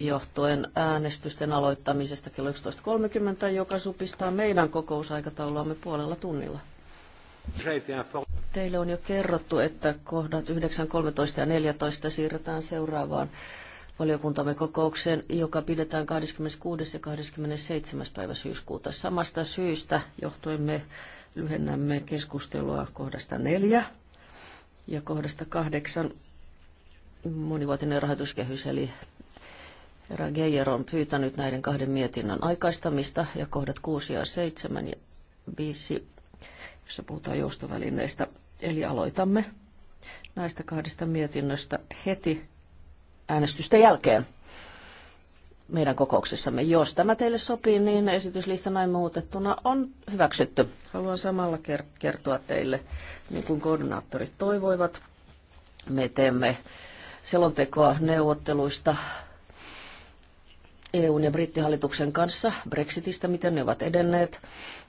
johtuen äänestysten aloittamisesta kello 11.30, joka supistaa meidän kokousaikatauluamme puolella tunnilla. Teille on jo kerrottu, että kohdat 9, 13 ja 14 siirretään seuraavaan valiokuntamme kokoukseen, joka pidetään 26. ja 27. päivä syyskuuta. Samasta syystä johtuen me lyhennämme keskustelua kohdasta 4 ja kohdasta 8 monivuotinen rahoituskehys, eli Herra Geijer on pyytänyt näiden kahden mietinnön aikaistamista ja kohdat 6 ja 7 ja 5, jossa puhutaan joustovälineistä. Eli aloitamme näistä kahdesta mietinnöstä heti äänestystä jälkeen meidän kokouksessamme. Jos tämä teille sopii, niin esityslista näin muutettuna on hyväksytty. Haluan samalla kertoa teille, niin kuin koordinaattorit toivoivat, me teemme selontekoa neuvotteluista EUn ja brittihallituksen kanssa Brexitistä, miten ne ovat edenneet.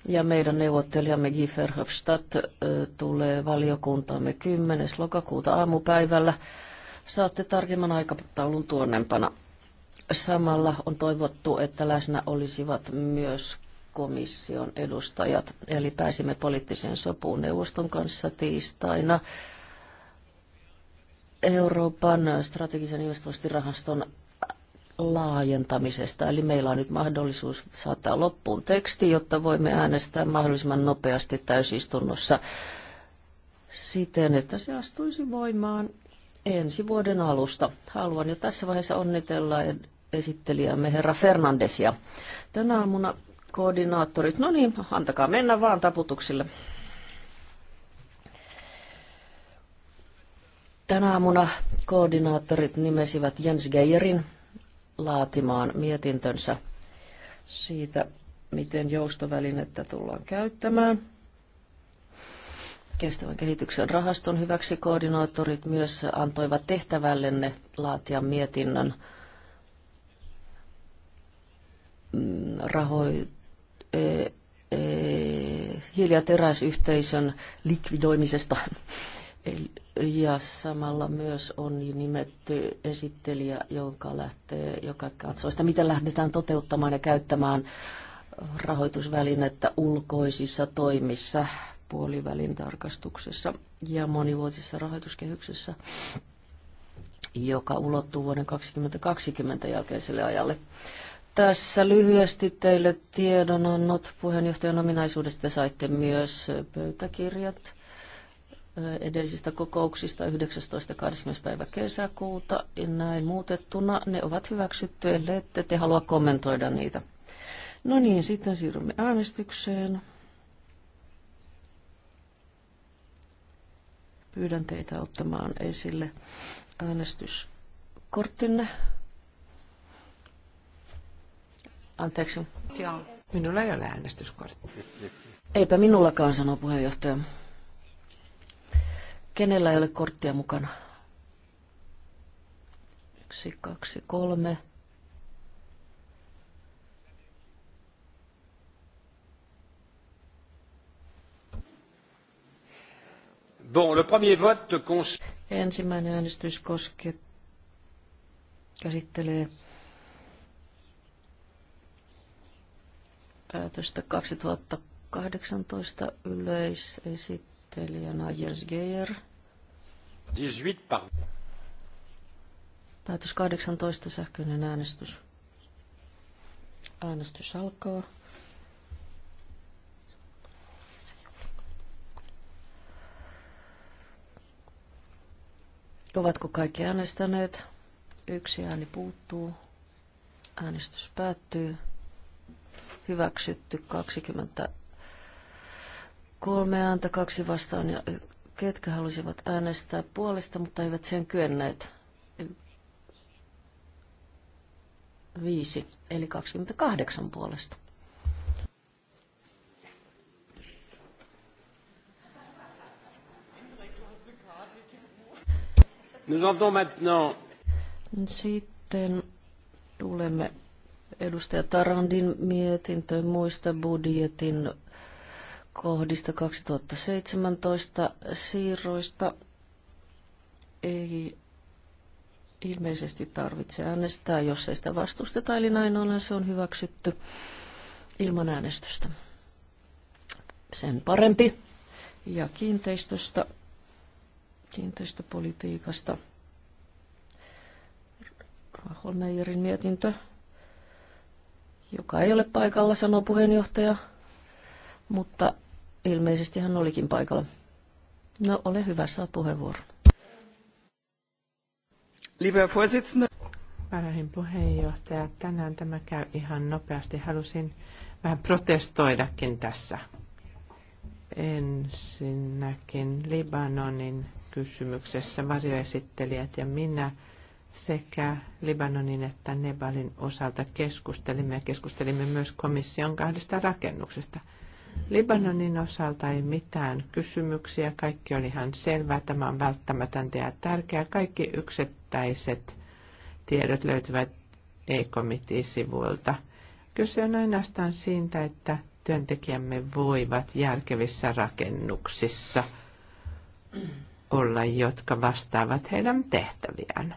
Ja meidän neuvottelijamme Guy Verhofstadt tulee valiokuntaamme 10. lokakuuta aamupäivällä. Saatte tarkemman aikataulun tuonnempana. Samalla on toivottu, että läsnä olisivat myös komission edustajat, eli pääsimme poliittiseen sopuun neuvoston kanssa tiistaina. Euroopan strategisen investointirahaston laajentamisesta. Eli meillä on nyt mahdollisuus saattaa loppuun teksti, jotta voimme äänestää mahdollisimman nopeasti täysistunnossa siten, että se astuisi voimaan ensi vuoden alusta. Haluan jo tässä vaiheessa onnitella esittelijämme herra Fernandesia. Tänä aamuna koordinaattorit, no niin, antakaa mennä vaan taputuksille. Tänä aamuna koordinaattorit nimesivät Jens Geijerin laatimaan mietintönsä siitä, miten joustovälinettä tullaan käyttämään. Kestävän kehityksen rahaston hyväksi koordinaattorit myös antoivat tehtävällenne laatia mietinnön rahoi, e, e, hiili- ja teräsyhteisön likvidoimisesta ja samalla myös on nimetty esittelijä, jonka lähtee, joka katsoo sitä, miten lähdetään toteuttamaan ja käyttämään rahoitusvälinettä ulkoisissa toimissa puolivälin tarkastuksessa ja monivuotisessa rahoituskehyksessä, joka ulottuu vuoden 2020 jälkeiselle ajalle. Tässä lyhyesti teille tiedonannot puheenjohtajan ominaisuudesta saitte myös pöytäkirjat edellisistä kokouksista 19. 20. päivä kesäkuuta. Näin muutettuna ne ovat hyväksytty, ellei ette te halua kommentoida niitä. No niin, sitten siirrymme äänestykseen. Pyydän teitä ottamaan esille äänestyskorttinne. Anteeksi. Minulla ei ole äänestyskortti. Eipä minullakaan, sanoo puheenjohtaja. Kenellä ei ole korttia mukana? Yksi, kaksi, kolme. Bon, le premier vote cons... Ensimmäinen äänestys koskee käsittelee päätöstä 2018 yleisesittelijänä Jens Geijer. 18 par. Päätös 18, sähköinen äänestys. Äänestys alkaa. Ovatko kaikki äänestäneet? Yksi ääni puuttuu. Äänestys päättyy. Hyväksytty 23 ääntä, kaksi vastaan ja ketkä halusivat äänestää puolesta, mutta eivät sen kyenneet. Viisi, eli 28 puolesta. Sitten tulemme edustaja Tarandin mietintöön muista budjetin kohdista 2017 siirroista ei ilmeisesti tarvitse äänestää, jos ei sitä vastusteta, eli näin ollen se on hyväksytty ilman äänestystä. Sen parempi. Ja kiinteistöstä, kiinteistöpolitiikasta. Holmeijerin mietintö, joka ei ole paikalla, sanoo puheenjohtaja, mutta Ilmeisesti hän olikin paikalla. No, ole hyvä, saa puheenvuoron. Lieber Vorsitzender. Parahin puheenjohtaja, tänään tämä käy ihan nopeasti. Halusin vähän protestoidakin tässä. Ensinnäkin Libanonin kysymyksessä varjoesittelijät ja minä sekä Libanonin että Nebalin osalta keskustelimme ja keskustelimme myös komission kahdesta rakennuksesta – Libanonin osalta ei mitään kysymyksiä, kaikki oli ihan selvää, tämä on välttämätöntä ja tärkeää. Kaikki yksittäiset tiedot löytyvät e sivuilta Kyse on ainoastaan siitä, että työntekijämme voivat järkevissä rakennuksissa olla, jotka vastaavat heidän tehtäviään.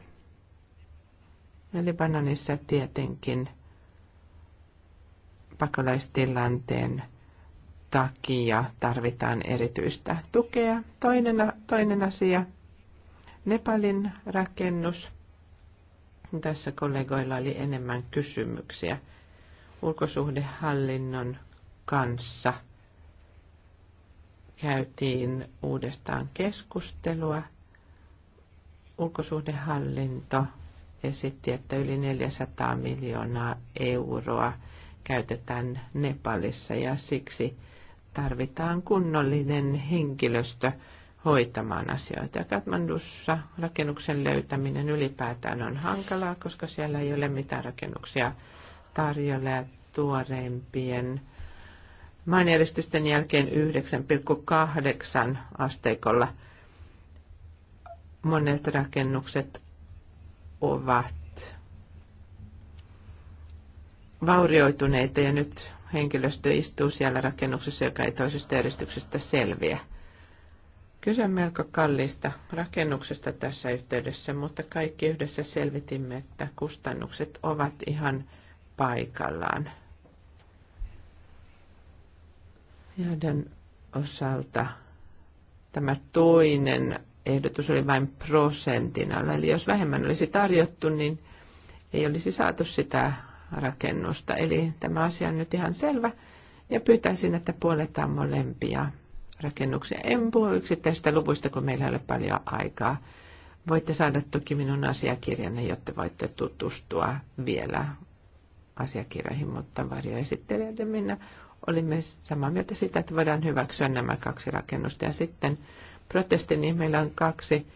Libanonissa tietenkin pakolaistilanteen takia tarvitaan erityistä tukea. Toinen, toinen asia, Nepalin rakennus. Tässä kollegoilla oli enemmän kysymyksiä ulkosuhdehallinnon kanssa. Käytiin uudestaan keskustelua. Ulkosuhdehallinto esitti, että yli 400 miljoonaa euroa käytetään Nepalissa ja siksi tarvitaan kunnollinen henkilöstö hoitamaan asioita. Katmandussa rakennuksen löytäminen ylipäätään on hankalaa, koska siellä ei ole mitään rakennuksia tarjolla ja tuoreimpien maanjärjestysten jälkeen 9,8 asteikolla monet rakennukset ovat vaurioituneita ja nyt henkilöstö istuu siellä rakennuksessa, joka ei toisesta järjestyksestä selviä. Kyse on melko kalliista rakennuksesta tässä yhteydessä, mutta kaikki yhdessä selvitimme, että kustannukset ovat ihan paikallaan. Joiden osalta tämä toinen ehdotus oli vain prosentin alla, eli jos vähemmän olisi tarjottu, niin ei olisi saatu sitä rakennusta. Eli tämä asia on nyt ihan selvä ja pyytäisin, että puoletaan molempia rakennuksia. En puhu yksittäisistä luvuista, kun meillä ei ole paljon aikaa. Voitte saada toki minun asiakirjanne, jotta voitte tutustua vielä asiakirjoihin, mutta varjoesittelijät ja minä olimme samaa mieltä siitä, että voidaan hyväksyä nämä kaksi rakennusta. Ja sitten protestini, niin meillä on kaksi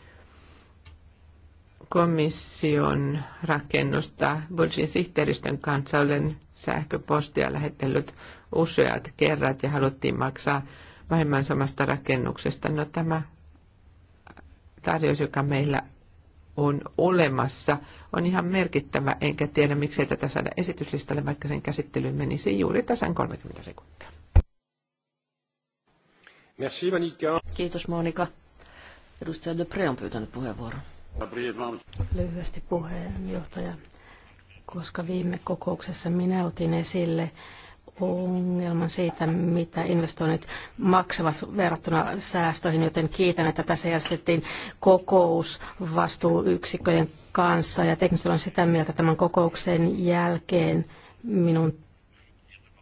komission rakennusta Bulgin sihteeristön kanssa olen sähköpostia lähettänyt useat kerrat ja haluttiin maksaa vähemmän samasta rakennuksesta. No tämä tarjous, joka meillä on olemassa, on ihan merkittävä, enkä tiedä miksei tätä saada esityslistalle, vaikka sen käsittely menisi juuri tasan 30 sekuntia. Merci Kiitos Monika. Edustaja Depre on pyytänyt puheenvuoron. Lyhyesti puheenjohtaja, koska viime kokouksessa minä otin esille ongelman siitä, mitä investoinnit maksavat verrattuna säästöihin, joten kiitän, että tässä järjestettiin kokous vastuuyksikköjen kanssa ja teknisesti olen sitä mieltä tämän kokouksen jälkeen minun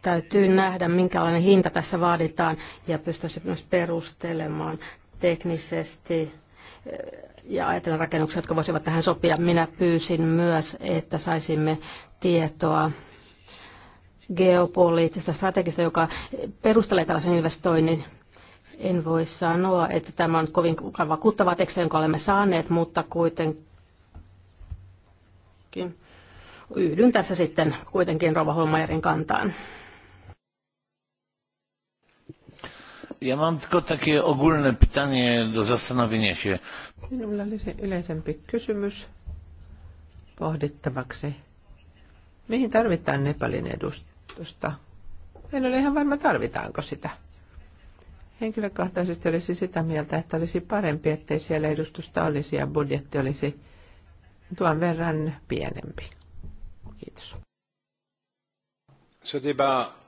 täytyy nähdä, minkälainen hinta tässä vaaditaan ja pystyisi myös perustelemaan teknisesti ja ajatella rakennuksia, jotka voisivat tähän sopia. Minä pyysin myös, että saisimme tietoa geopoliittista strategista, joka perustelee tällaisen investoinnin. En voi sanoa, että tämä on kovin vakuuttava teksti, jonka olemme saaneet, mutta kuitenkin yhdyn tässä sitten kuitenkin Rova Holmajerin kantaan. Ja mam tylko takie ogólne pytanie do zastanowienia się. Minulla olisi yleisempi kysymys pohdittavaksi. Mihin tarvitaan Nepalin edustusta? En ole ihan varma, tarvitaanko sitä. Henkilökohtaisesti olisi sitä mieltä, että olisi parempi, ettei siellä edustusta olisi ja budjetti olisi tuon verran pienempi. Kiitos. Se débat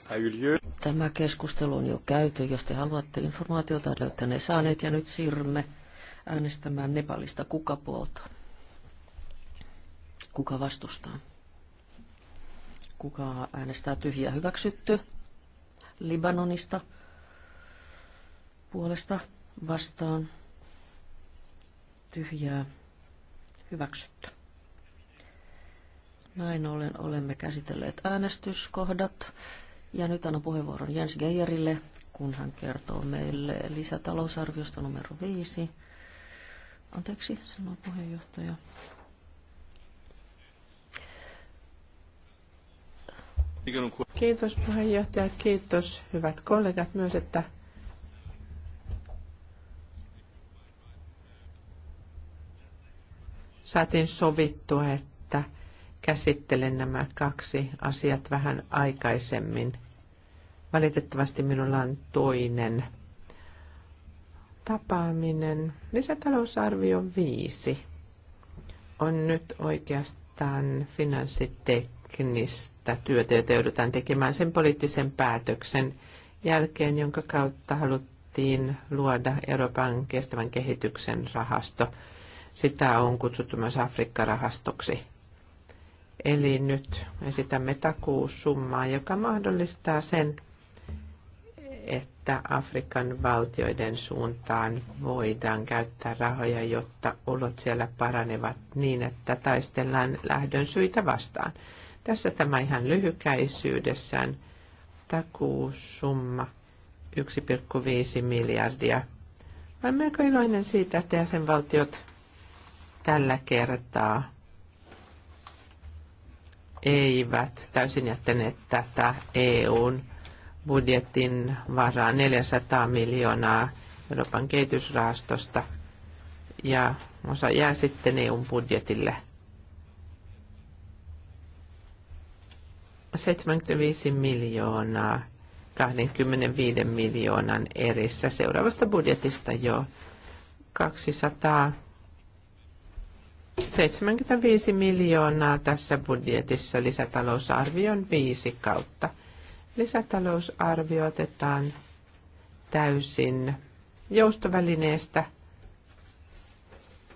Tämä keskustelu on jo käyty. Jos te haluatte informaatiota, olette ne saaneet. Ja nyt siirrymme äänestämään Nepalista. Kuka puolta? Kuka vastustaa? Kuka äänestää tyhjää hyväksytty? Libanonista puolesta vastaan tyhjää hyväksytty. Näin ollen olemme käsitelleet äänestyskohdat. Ja nyt annan puheenvuoron Jens Geijerille, kun hän kertoo meille lisätalousarviosta numero 5. Anteeksi, sanoo puheenjohtaja. Kiitos puheenjohtaja, kiitos hyvät kollegat myös, että saatiin sovittua, että käsittelen nämä kaksi asiat vähän aikaisemmin. Valitettavasti minulla on toinen tapaaminen. Lisätalousarvio 5 on nyt oikeastaan finanssiteknistä työtä, jota joudutaan tekemään sen poliittisen päätöksen jälkeen, jonka kautta haluttiin luoda Euroopan kestävän kehityksen rahasto. Sitä on kutsuttu myös Afrikka-rahastoksi. Eli nyt esitämme takuusummaa, joka mahdollistaa sen, että Afrikan valtioiden suuntaan voidaan käyttää rahoja, jotta olot siellä paranevat niin, että taistellaan lähdön syitä vastaan. Tässä tämä ihan lyhykäisyydessään takuusumma 1,5 miljardia. Olen melko iloinen siitä, että jäsenvaltiot tällä kertaa eivät täysin jättäneet tätä EUn budjetin varaa 400 miljoonaa Euroopan kehitysrahastosta ja osa jää sitten EUn budjetille. 75 miljoonaa 25 miljoonan erissä seuraavasta budjetista jo 200 75 miljoonaa tässä budjetissa lisätalousarvion viisi kautta. Lisätalousarvio otetaan täysin joustovälineestä,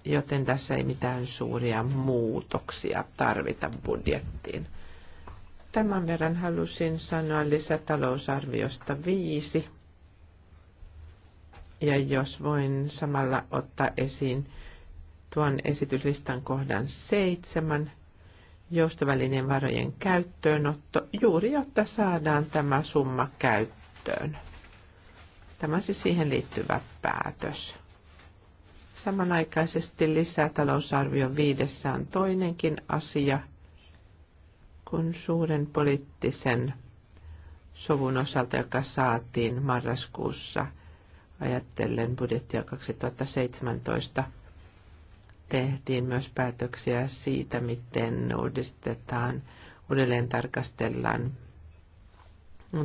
joten tässä ei mitään suuria muutoksia tarvita budjettiin. Tämän verran halusin sanoa lisätalousarviosta viisi. Ja jos voin samalla ottaa esiin tuon esityslistan kohdan seitsemän, joustovälineen varojen käyttöönotto, juuri jotta saadaan tämä summa käyttöön. Tämä siis siihen liittyvä päätös. Samanaikaisesti lisätalousarvion viidessä on toinenkin asia, kun suuren poliittisen sovun osalta, joka saatiin marraskuussa, ajatellen budjettia 2017, tehtiin myös päätöksiä siitä, miten uudistetaan, uudelleen tarkastellaan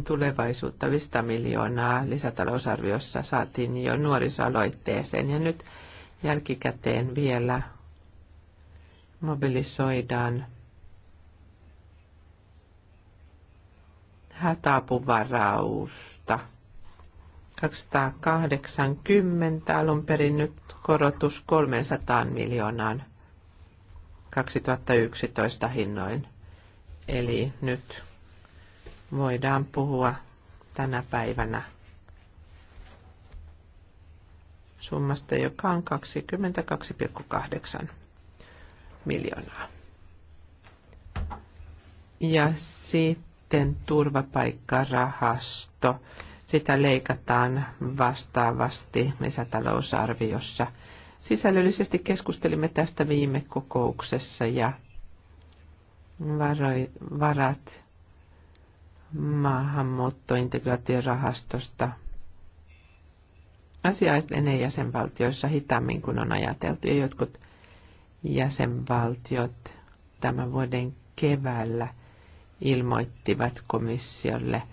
tulevaisuutta 500 miljoonaa lisätalousarviossa saatiin jo nuorisoaloitteeseen ja nyt jälkikäteen vielä mobilisoidaan hätäapuvarausta – 280 alun perin nyt korotus 300 miljoonaan 2011 hinnoin. Eli nyt voidaan puhua tänä päivänä summasta, joka on 22,8 miljoonaa. Ja sitten turvapaikkarahasto. rahasto sitä leikataan vastaavasti lisätalousarviossa. Sisällöllisesti keskustelimme tästä viime kokouksessa ja varoi, varat maahanmuuttointegraatiorahastosta asia etenee jäsenvaltioissa hitaammin kuin on ajateltu. Ja jotkut jäsenvaltiot tämän vuoden keväällä ilmoittivat komissiolle –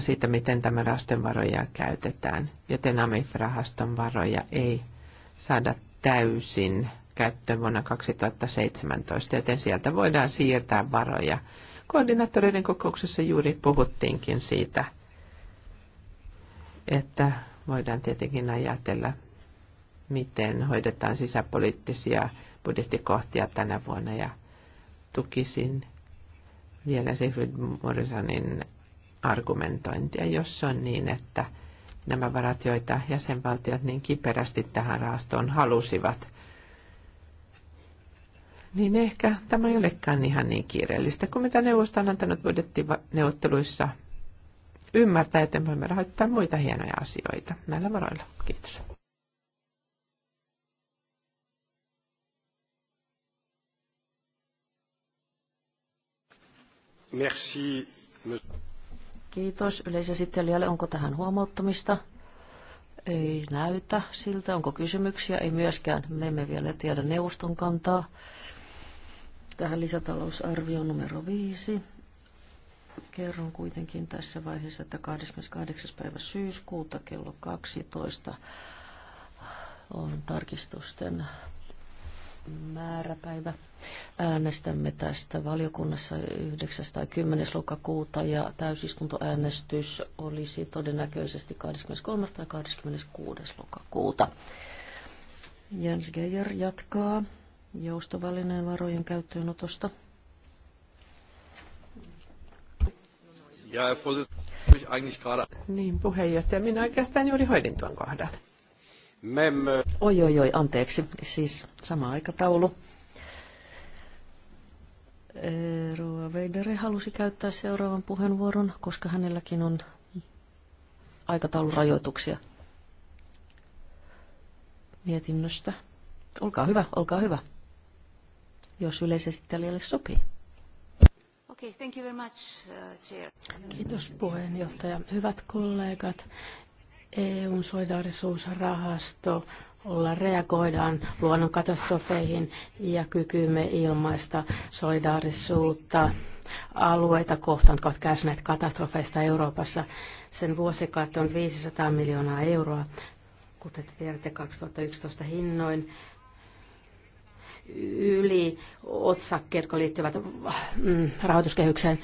siitä, miten tämä rahaston varoja käytetään, joten AMIF-rahaston varoja ei saada täysin käyttöön vuonna 2017, joten sieltä voidaan siirtää varoja. Koordinaattoreiden kokouksessa juuri puhuttiinkin siitä, että voidaan tietenkin ajatella, miten hoidetaan sisäpoliittisia budjettikohtia tänä vuonna ja tukisin vielä Sigrid Morrisonin argumentointia, jos on niin, että nämä varat, joita jäsenvaltiot niin kiperästi tähän rahastoon halusivat, niin ehkä tämä ei olekaan ihan niin kiireellistä kuin mitä neuvosto on antanut budjettineuvotteluissa ymmärtää, että voimme rahoittaa muita hienoja asioita näillä varoilla. Kiitos. Merci. Kiitos yleisesittelijälle. Onko tähän huomauttamista? Ei näytä siltä. Onko kysymyksiä? Ei myöskään. Me emme vielä tiedä neuvoston kantaa. Tähän lisätalousarvio numero 5. Kerron kuitenkin tässä vaiheessa, että 28. päivä syyskuuta kello 12 on tarkistusten määräpäivä. Äänestämme tästä valiokunnassa 9. tai 10. lokakuuta ja täysistuntoäänestys olisi todennäköisesti 23. tai 26. lokakuuta. Jens Geijer jatkaa joustovälineen varojen käyttöönotosta. Niin, puheenjohtaja, minä oikeastaan juuri hoidin tuon kohdan. Memme. Oi, oi, oi, anteeksi. Siis sama aikataulu. Rua Veidere halusi käyttää seuraavan puheenvuoron, koska hänelläkin on aikataulurajoituksia mietinnöstä. Olkaa hyvä, olkaa hyvä, jos yleisesittelijälle sopii. Okay, thank you very much, uh, chair. Kiitos puheenjohtaja. Hyvät kollegat, EUn solidaarisuusrahasto olla reagoidaan luonnonkatastrofeihin ja kykymme ilmaista solidaarisuutta alueita kohtaan, jotka ovat kärsineet katastrofeista Euroopassa. Sen vuosikatto on 500 miljoonaa euroa, kuten te tiedätte 2011 hinnoin yli otsakkeet, jotka liittyvät mm, rahoituskehykseen.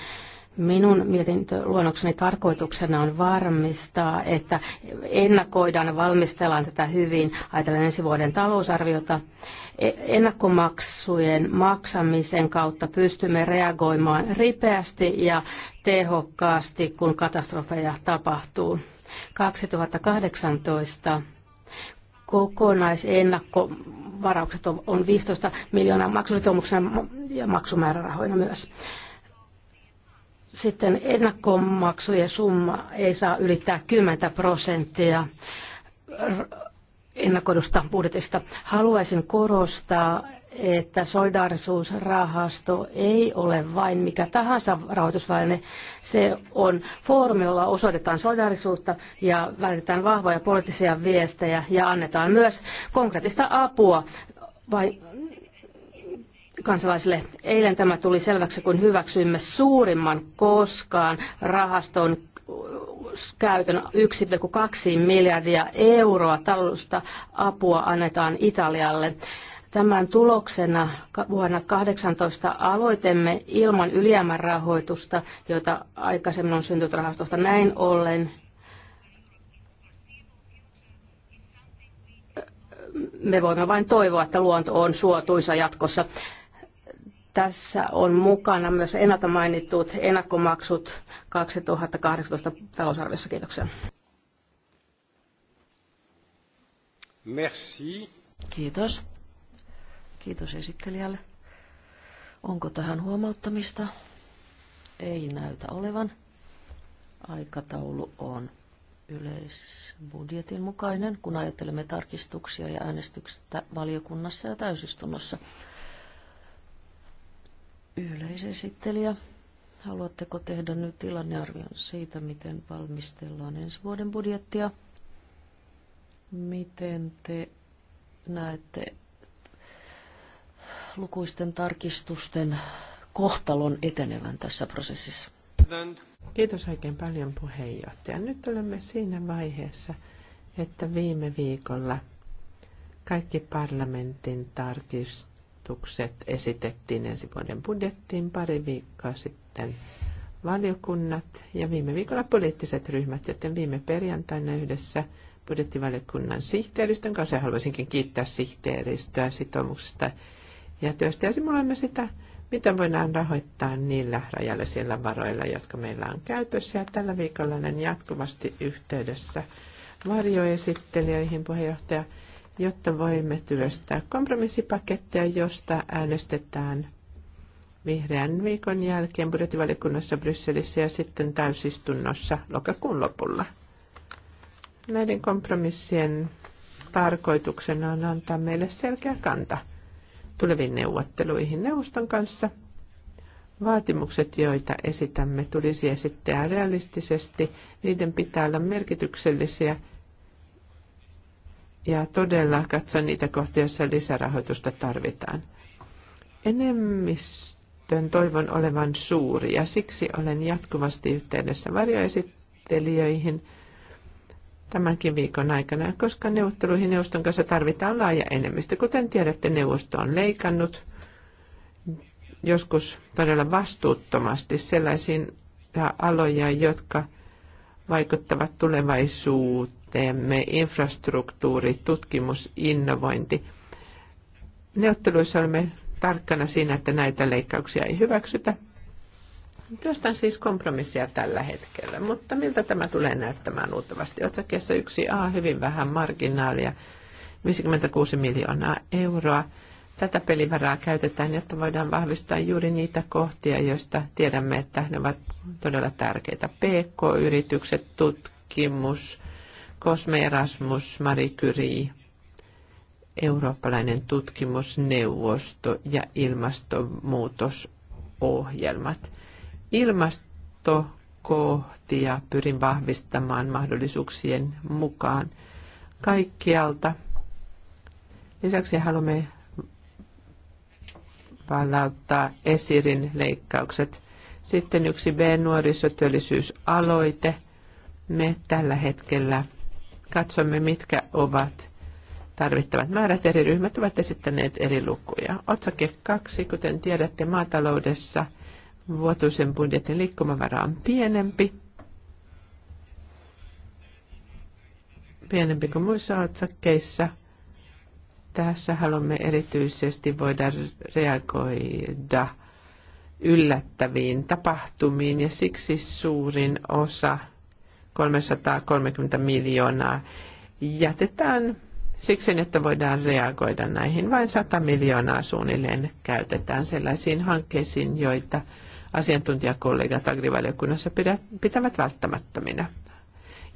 Minun mietintöluonnokseni tarkoituksena on varmistaa, että ennakoidaan, valmistellaan tätä hyvin, ajatellen ensi vuoden talousarviota. E, ennakkomaksujen maksamisen kautta pystymme reagoimaan ripeästi ja tehokkaasti, kun katastrofeja tapahtuu. 2018 kokonaisennakkovaraukset on 15 miljoonaa maksusitoumuksena ja maksumäärärahoina myös. Sitten ennakkomaksujen summa ei saa ylittää 10 prosenttia ennakoidusta budjetista. Haluaisin korostaa, että solidaarisuusrahasto ei ole vain mikä tahansa rahoitusväline. Se on foorumi, jolla osoitetaan solidaarisuutta ja välitetään vahvoja poliittisia viestejä ja annetaan myös konkreettista apua vai kansalaisille. Eilen tämä tuli selväksi, kun hyväksyimme suurimman koskaan rahaston käytön 1,2 miljardia euroa taloudellista apua annetaan Italialle. Tämän tuloksena vuonna 2018 aloitemme ilman ylijäämärahoitusta, jota aikaisemmin on syntynyt rahastosta näin ollen. Me voimme vain toivoa, että luonto on suotuisa jatkossa. Tässä on mukana myös ennalta mainitut ennakkomaksut 2018 talousarviossa. Kiitoksia. Merci. Kiitos. Kiitos esittelijälle. Onko tähän huomauttamista? Ei näytä olevan. Aikataulu on yleisbudjetin mukainen, kun ajattelemme tarkistuksia ja äänestystä valiokunnassa ja täysistunnossa. Yleisesittelijä, haluatteko tehdä nyt tilannearvion siitä, miten valmistellaan ensi vuoden budjettia? Miten te näette lukuisten tarkistusten kohtalon etenevän tässä prosessissa? Kiitos oikein paljon puheenjohtaja. Nyt olemme siinä vaiheessa, että viime viikolla kaikki parlamentin tarkistukset ehdotukset esitettiin ensi vuoden budjettiin pari viikkoa sitten valiokunnat ja viime viikolla poliittiset ryhmät, joten viime perjantaina yhdessä budjettivaliokunnan sihteeristön kanssa haluaisinkin kiittää sihteeristöä sitoumuksesta ja työstä. Ja simuloimme sitä, miten voidaan rahoittaa niillä rajallisilla varoilla, jotka meillä on käytössä. Ja tällä viikolla olen jatkuvasti yhteydessä varjoesittelijöihin puheenjohtaja jotta voimme työstää kompromissipakettia, josta äänestetään vihreän viikon jälkeen budjettivaliokunnassa Brysselissä ja sitten täysistunnossa lokakuun lopulla. Näiden kompromissien tarkoituksena on antaa meille selkeä kanta tuleviin neuvotteluihin neuvoston kanssa. Vaatimukset, joita esitämme, tulisi esittää realistisesti. Niiden pitää olla merkityksellisiä – ja todella katsoa niitä kohtia, joissa lisärahoitusta tarvitaan. Enemmistön toivon olevan suuri ja siksi olen jatkuvasti yhteydessä varjoesittelijöihin tämänkin viikon aikana, koska neuvotteluihin neuvoston kanssa tarvitaan laaja enemmistö. Kuten tiedätte, neuvosto on leikannut joskus todella vastuuttomasti sellaisiin aloja, jotka vaikuttavat tulevaisuuteen teemme, infrastruktuuri, tutkimus, innovointi. Neuvotteluissa olemme tarkkana siinä, että näitä leikkauksia ei hyväksytä. Työstän siis kompromissia tällä hetkellä, mutta miltä tämä tulee näyttämään luultavasti? Otsakkeessa 1a hyvin vähän marginaalia, 56 miljoonaa euroa. Tätä pelivaraa käytetään, jotta voidaan vahvistaa juuri niitä kohtia, joista tiedämme, että ne ovat todella tärkeitä. PK-yritykset, tutkimus, Cosme Erasmus, Marie Curie, eurooppalainen tutkimusneuvosto ja ilmastonmuutosohjelmat. Ilmastokohtia pyrin vahvistamaan mahdollisuuksien mukaan kaikkialta. Lisäksi haluamme palauttaa esirin leikkaukset. Sitten yksi B-nuorisotyöllisyysaloite. Me tällä hetkellä katsomme, mitkä ovat tarvittavat määrät. Eri ryhmät ovat esittäneet eri lukuja. Otsake 2, kuten tiedätte, maataloudessa vuotuisen budjetin liikkumavara on pienempi. Pienempi kuin muissa otsakkeissa. Tässä haluamme erityisesti voida reagoida yllättäviin tapahtumiin ja siksi suurin osa – 330 miljoonaa jätetään siksi, että voidaan reagoida näihin. Vain 100 miljoonaa suunnilleen käytetään sellaisiin hankkeisiin, joita asiantuntijakollegat agrivaliokunnassa pitävät välttämättöminä.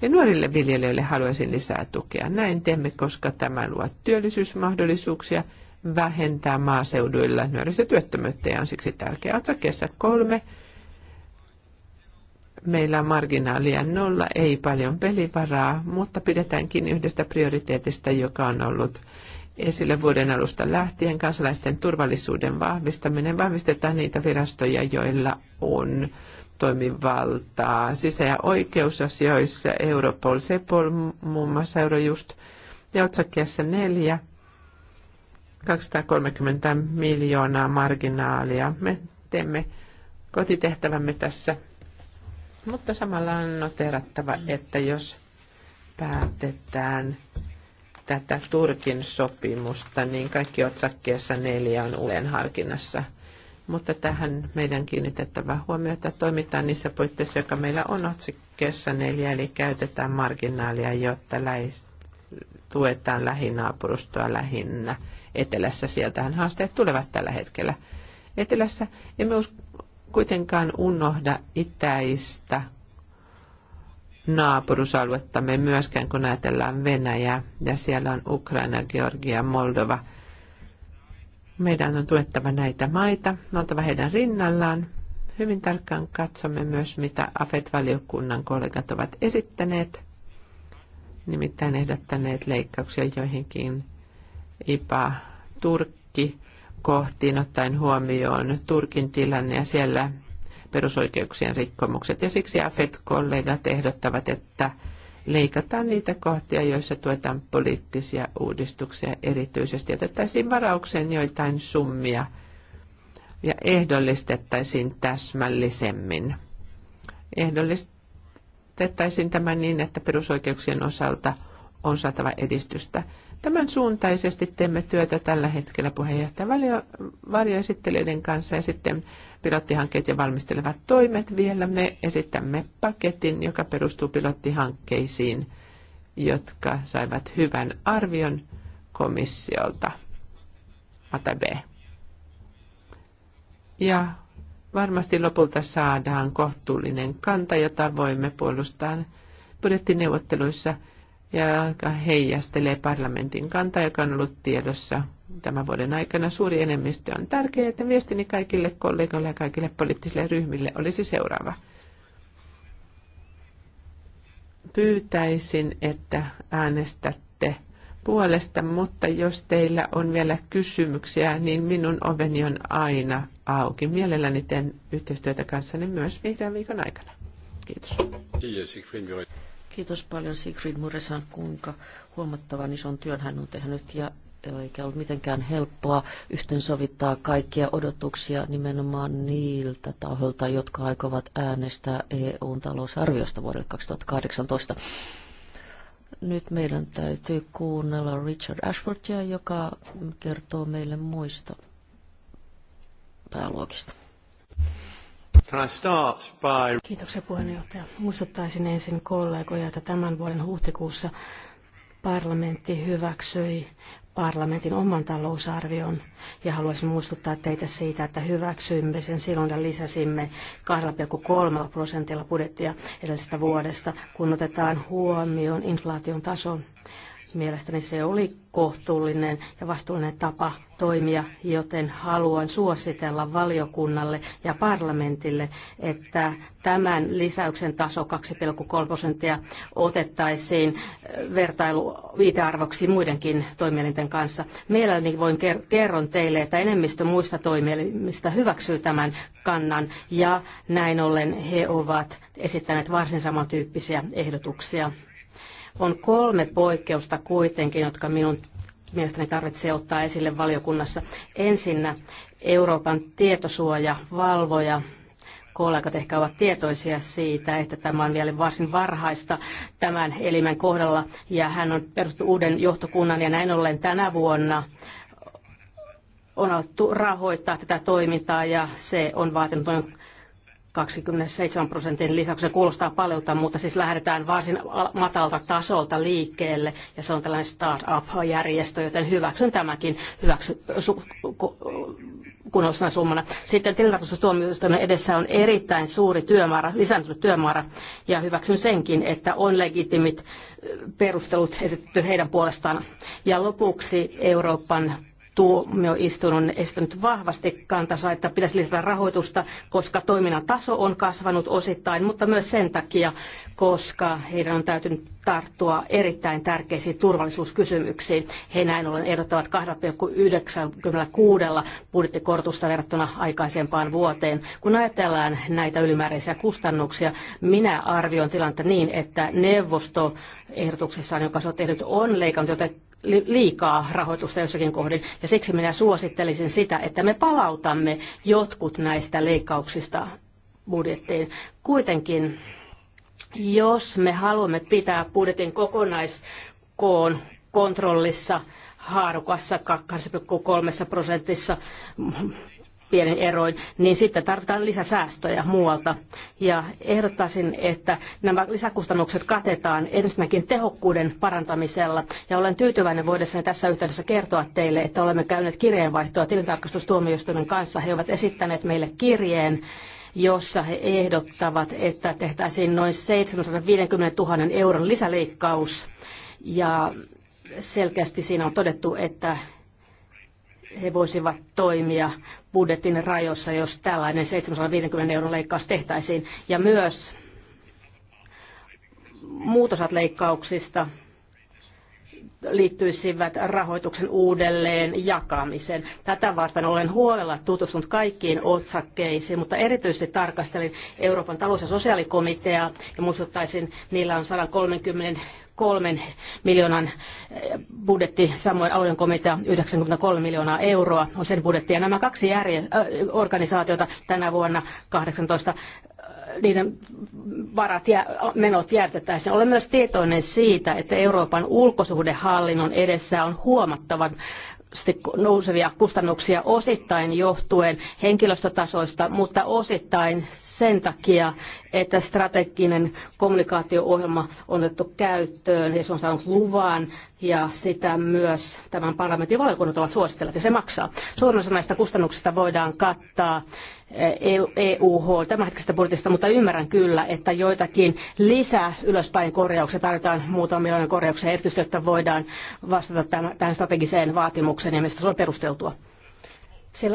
Ja nuorille viljelijöille haluaisin lisää tukea. Näin teemme, koska tämä luo työllisyysmahdollisuuksia, vähentää maaseuduilla nuorisotyöttömyyttä ja on siksi tärkeää otsakkeessa kolme – meillä on marginaalia nolla, ei paljon pelivaraa, mutta pidetäänkin yhdestä prioriteetista, joka on ollut esille vuoden alusta lähtien. Kansalaisten turvallisuuden vahvistaminen. Vahvistetaan niitä virastoja, joilla on toimivaltaa sisä- ja oikeusasioissa, Europol, Sepol, muun muassa Eurojust, ja otsakkeessa neljä, 230 miljoonaa marginaalia. Me teemme kotitehtävämme tässä mutta samalla on noterattava, että jos päätetään tätä Turkin sopimusta, niin kaikki otsakkeessa neljä on uuden harkinnassa. Mutta tähän meidän kiinnitettävä huomiota toimitaan niissä puitteissa, joka meillä on otsakkeessa neljä, eli käytetään marginaalia, jotta läist, tuetaan lähinaapurustoa lähinnä etelässä. Sieltähän haasteet tulevat tällä hetkellä. Etelässä emme kuitenkaan unohda itäistä naapurusaluettamme myöskään, kun ajatellaan Venäjä ja siellä on Ukraina, Georgia, Moldova. Meidän on tuettava näitä maita, oltava heidän rinnallaan. Hyvin tarkkaan katsomme myös, mitä AFET-valiokunnan kollegat ovat esittäneet, nimittäin ehdottaneet leikkauksia joihinkin IPA, Turkki, kohtiin ottaen huomioon Turkin tilanne ja siellä perusoikeuksien rikkomukset. Ja siksi AFET-kollegat ehdottavat, että leikataan niitä kohtia, joissa tuetaan poliittisia uudistuksia erityisesti. Jätettäisiin varaukseen joitain summia ja ehdollistettaisiin täsmällisemmin. Ehdollistettaisiin tämä niin, että perusoikeuksien osalta on saatava edistystä. Tämän suuntaisesti teemme työtä tällä hetkellä puheenjohtajan varjoesittelijöiden kanssa ja sitten pilottihankkeet ja valmistelevat toimet vielä. Me esittämme paketin, joka perustuu pilottihankkeisiin, jotka saivat hyvän arvion komissiolta. b. Ja varmasti lopulta saadaan kohtuullinen kanta, jota voimme puolustaa budjettineuvotteluissa – ja joka heijastelee parlamentin kantaa, joka on ollut tiedossa tämän vuoden aikana. Suuri enemmistö on tärkeää, että viestini kaikille kollegoille ja kaikille poliittisille ryhmille olisi seuraava. Pyytäisin, että äänestätte puolesta, mutta jos teillä on vielä kysymyksiä, niin minun oveni on aina auki. Mielelläni teen yhteistyötä kanssani myös vihreän viikon aikana. Kiitos. Kiitos paljon Sigrid Muresan, kuinka huomattavan ison työn hän on tehnyt ja eikä ollut mitenkään helppoa yhteensovittaa kaikkia odotuksia nimenomaan niiltä tahoilta, jotka aikovat äänestää EUn talousarviosta vuodelle 2018. Nyt meidän täytyy kuunnella Richard Ashfordia, joka kertoo meille muista pääluokista. Can Kiitoksia puheenjohtaja. Muistuttaisin ensin kollegoja, että tämän vuoden huhtikuussa parlamentti hyväksyi parlamentin oman talousarvion ja haluaisin muistuttaa teitä siitä, että hyväksyimme sen silloin ja lisäsimme 2,3 prosentilla budjettia edellisestä vuodesta, kun otetaan huomioon inflaation taso Mielestäni se oli kohtuullinen ja vastuullinen tapa toimia, joten haluan suositella valiokunnalle ja parlamentille, että tämän lisäyksen taso 2,3 prosenttia otettaisiin äh, vertailu viitearvoksi muidenkin toimielinten kanssa. Mielelläni voin ker- kerron teille, että enemmistö muista toimielimistä hyväksyy tämän kannan ja näin ollen he ovat esittäneet varsin samantyyppisiä ehdotuksia on kolme poikkeusta kuitenkin, jotka minun mielestäni tarvitsee ottaa esille valiokunnassa. Ensinnä Euroopan tietosuojavalvoja kollegat ehkä ovat tietoisia siitä, että tämä on vielä varsin varhaista tämän elimen kohdalla ja hän on perustunut uuden johtokunnan ja näin ollen tänä vuonna on alettu rahoittaa tätä toimintaa ja se on vaatinut noin 27 prosentin lisäksi. Se kuulostaa paljolta, mutta siis lähdetään varsin matalta tasolta liikkeelle ja se on tällainen start-up-järjestö, joten hyväksyn tämäkin hyväksy, su, ku, kunnollisena summana. Sitten tilintarkastustuomioistuimen edessä on erittäin suuri työmäärä, lisääntynyt työmäärä, ja hyväksyn senkin, että on legitimit perustelut esitetty heidän puolestaan. Ja lopuksi Euroopan tuomioistuin on estänyt vahvasti kantansa, että pitäisi lisätä rahoitusta, koska toiminnan taso on kasvanut osittain, mutta myös sen takia, koska heidän on täytynyt tarttua erittäin tärkeisiin turvallisuuskysymyksiin. He näin ollen ehdottavat 2,96 budjettikortusta verrattuna aikaisempaan vuoteen. Kun ajatellaan näitä ylimääräisiä kustannuksia, minä arvioin tilannetta niin, että neuvosto ehdotuksessaan, joka se on tehnyt, on leikannut joten liikaa rahoitusta jossakin kohdin. Ja siksi minä suosittelisin sitä, että me palautamme jotkut näistä leikkauksista budjettiin. Kuitenkin, jos me haluamme pitää budjetin kokonaiskoon kontrollissa, haarukassa 2,3 prosentissa pienen eroin, niin sitten tarvitaan lisäsäästöjä muualta. Ja ehdottaisin, että nämä lisäkustannukset katetaan ensinnäkin tehokkuuden parantamisella. Ja olen tyytyväinen voidessani tässä yhteydessä kertoa teille, että olemme käyneet kirjeenvaihtoa tilintarkastustuomioistuimen kanssa. He ovat esittäneet meille kirjeen jossa he ehdottavat, että tehtäisiin noin 750 000 euron lisäleikkaus. Ja selkeästi siinä on todettu, että he voisivat toimia budjetin rajoissa, jos tällainen 750 euron leikkaus tehtäisiin. Ja myös muutosat leikkauksista liittyisivät rahoituksen uudelleen jakamiseen. Tätä varten olen huolella tutustunut kaikkiin otsakkeisiin, mutta erityisesti tarkastelin Euroopan talous- ja sosiaalikomiteaa ja muistuttaisin, niillä on 130 kolmen miljoonan eh, budjetti, samoin alueen komitea 93 miljoonaa euroa on sen budjetti. Ja nämä kaksi järje- eh, organisaatiota tänä vuonna 18 eh, niiden varat ja menot järjestettäisiin. Olen myös tietoinen siitä, että Euroopan ulkosuhdehallinnon edessä on huomattavan nousevia kustannuksia osittain johtuen henkilöstötasoista, mutta osittain sen takia, että strateginen kommunikaatio-ohjelma on otettu käyttöön ja se on saanut luvan ja sitä myös tämän parlamentin valiokunnat ovat suositelleet ja se maksaa. Suurin osa näistä kustannuksista voidaan kattaa EUH tämänhetkisestä budjetista, mutta ymmärrän kyllä, että joitakin lisää ylöspäin korjauksia tarvitaan muutaman miljoonan korjauksia erityisesti, jotta voidaan vastata tämän, tähän strategiseen vaatimukseen ja mistä se on perusteltua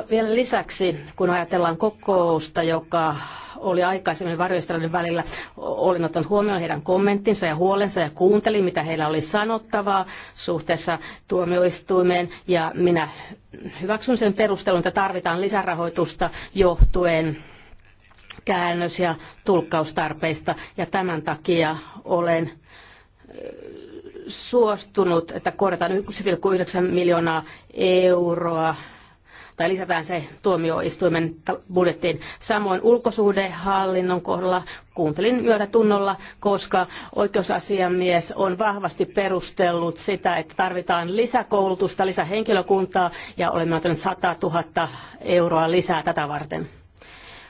vielä lisäksi, kun ajatellaan kokousta, joka oli aikaisemmin varjoistelijoiden välillä, olin ottanut huomioon heidän kommenttinsa ja huolensa ja kuuntelin, mitä heillä oli sanottavaa suhteessa tuomioistuimeen. Ja minä hyväksyn sen perustelun, että tarvitaan lisärahoitusta johtuen käännös- ja tulkkaustarpeista. Ja tämän takia olen äh, suostunut, että korjataan 1,9 miljoonaa euroa tai lisätään se tuomioistuimen budjettiin. Samoin ulkosuhdehallinnon kohdalla kuuntelin myötätunnolla, koska oikeusasiamies on vahvasti perustellut sitä, että tarvitaan lisäkoulutusta, lisähenkilökuntaa ja olemme ottaneet 100 000 euroa lisää tätä varten.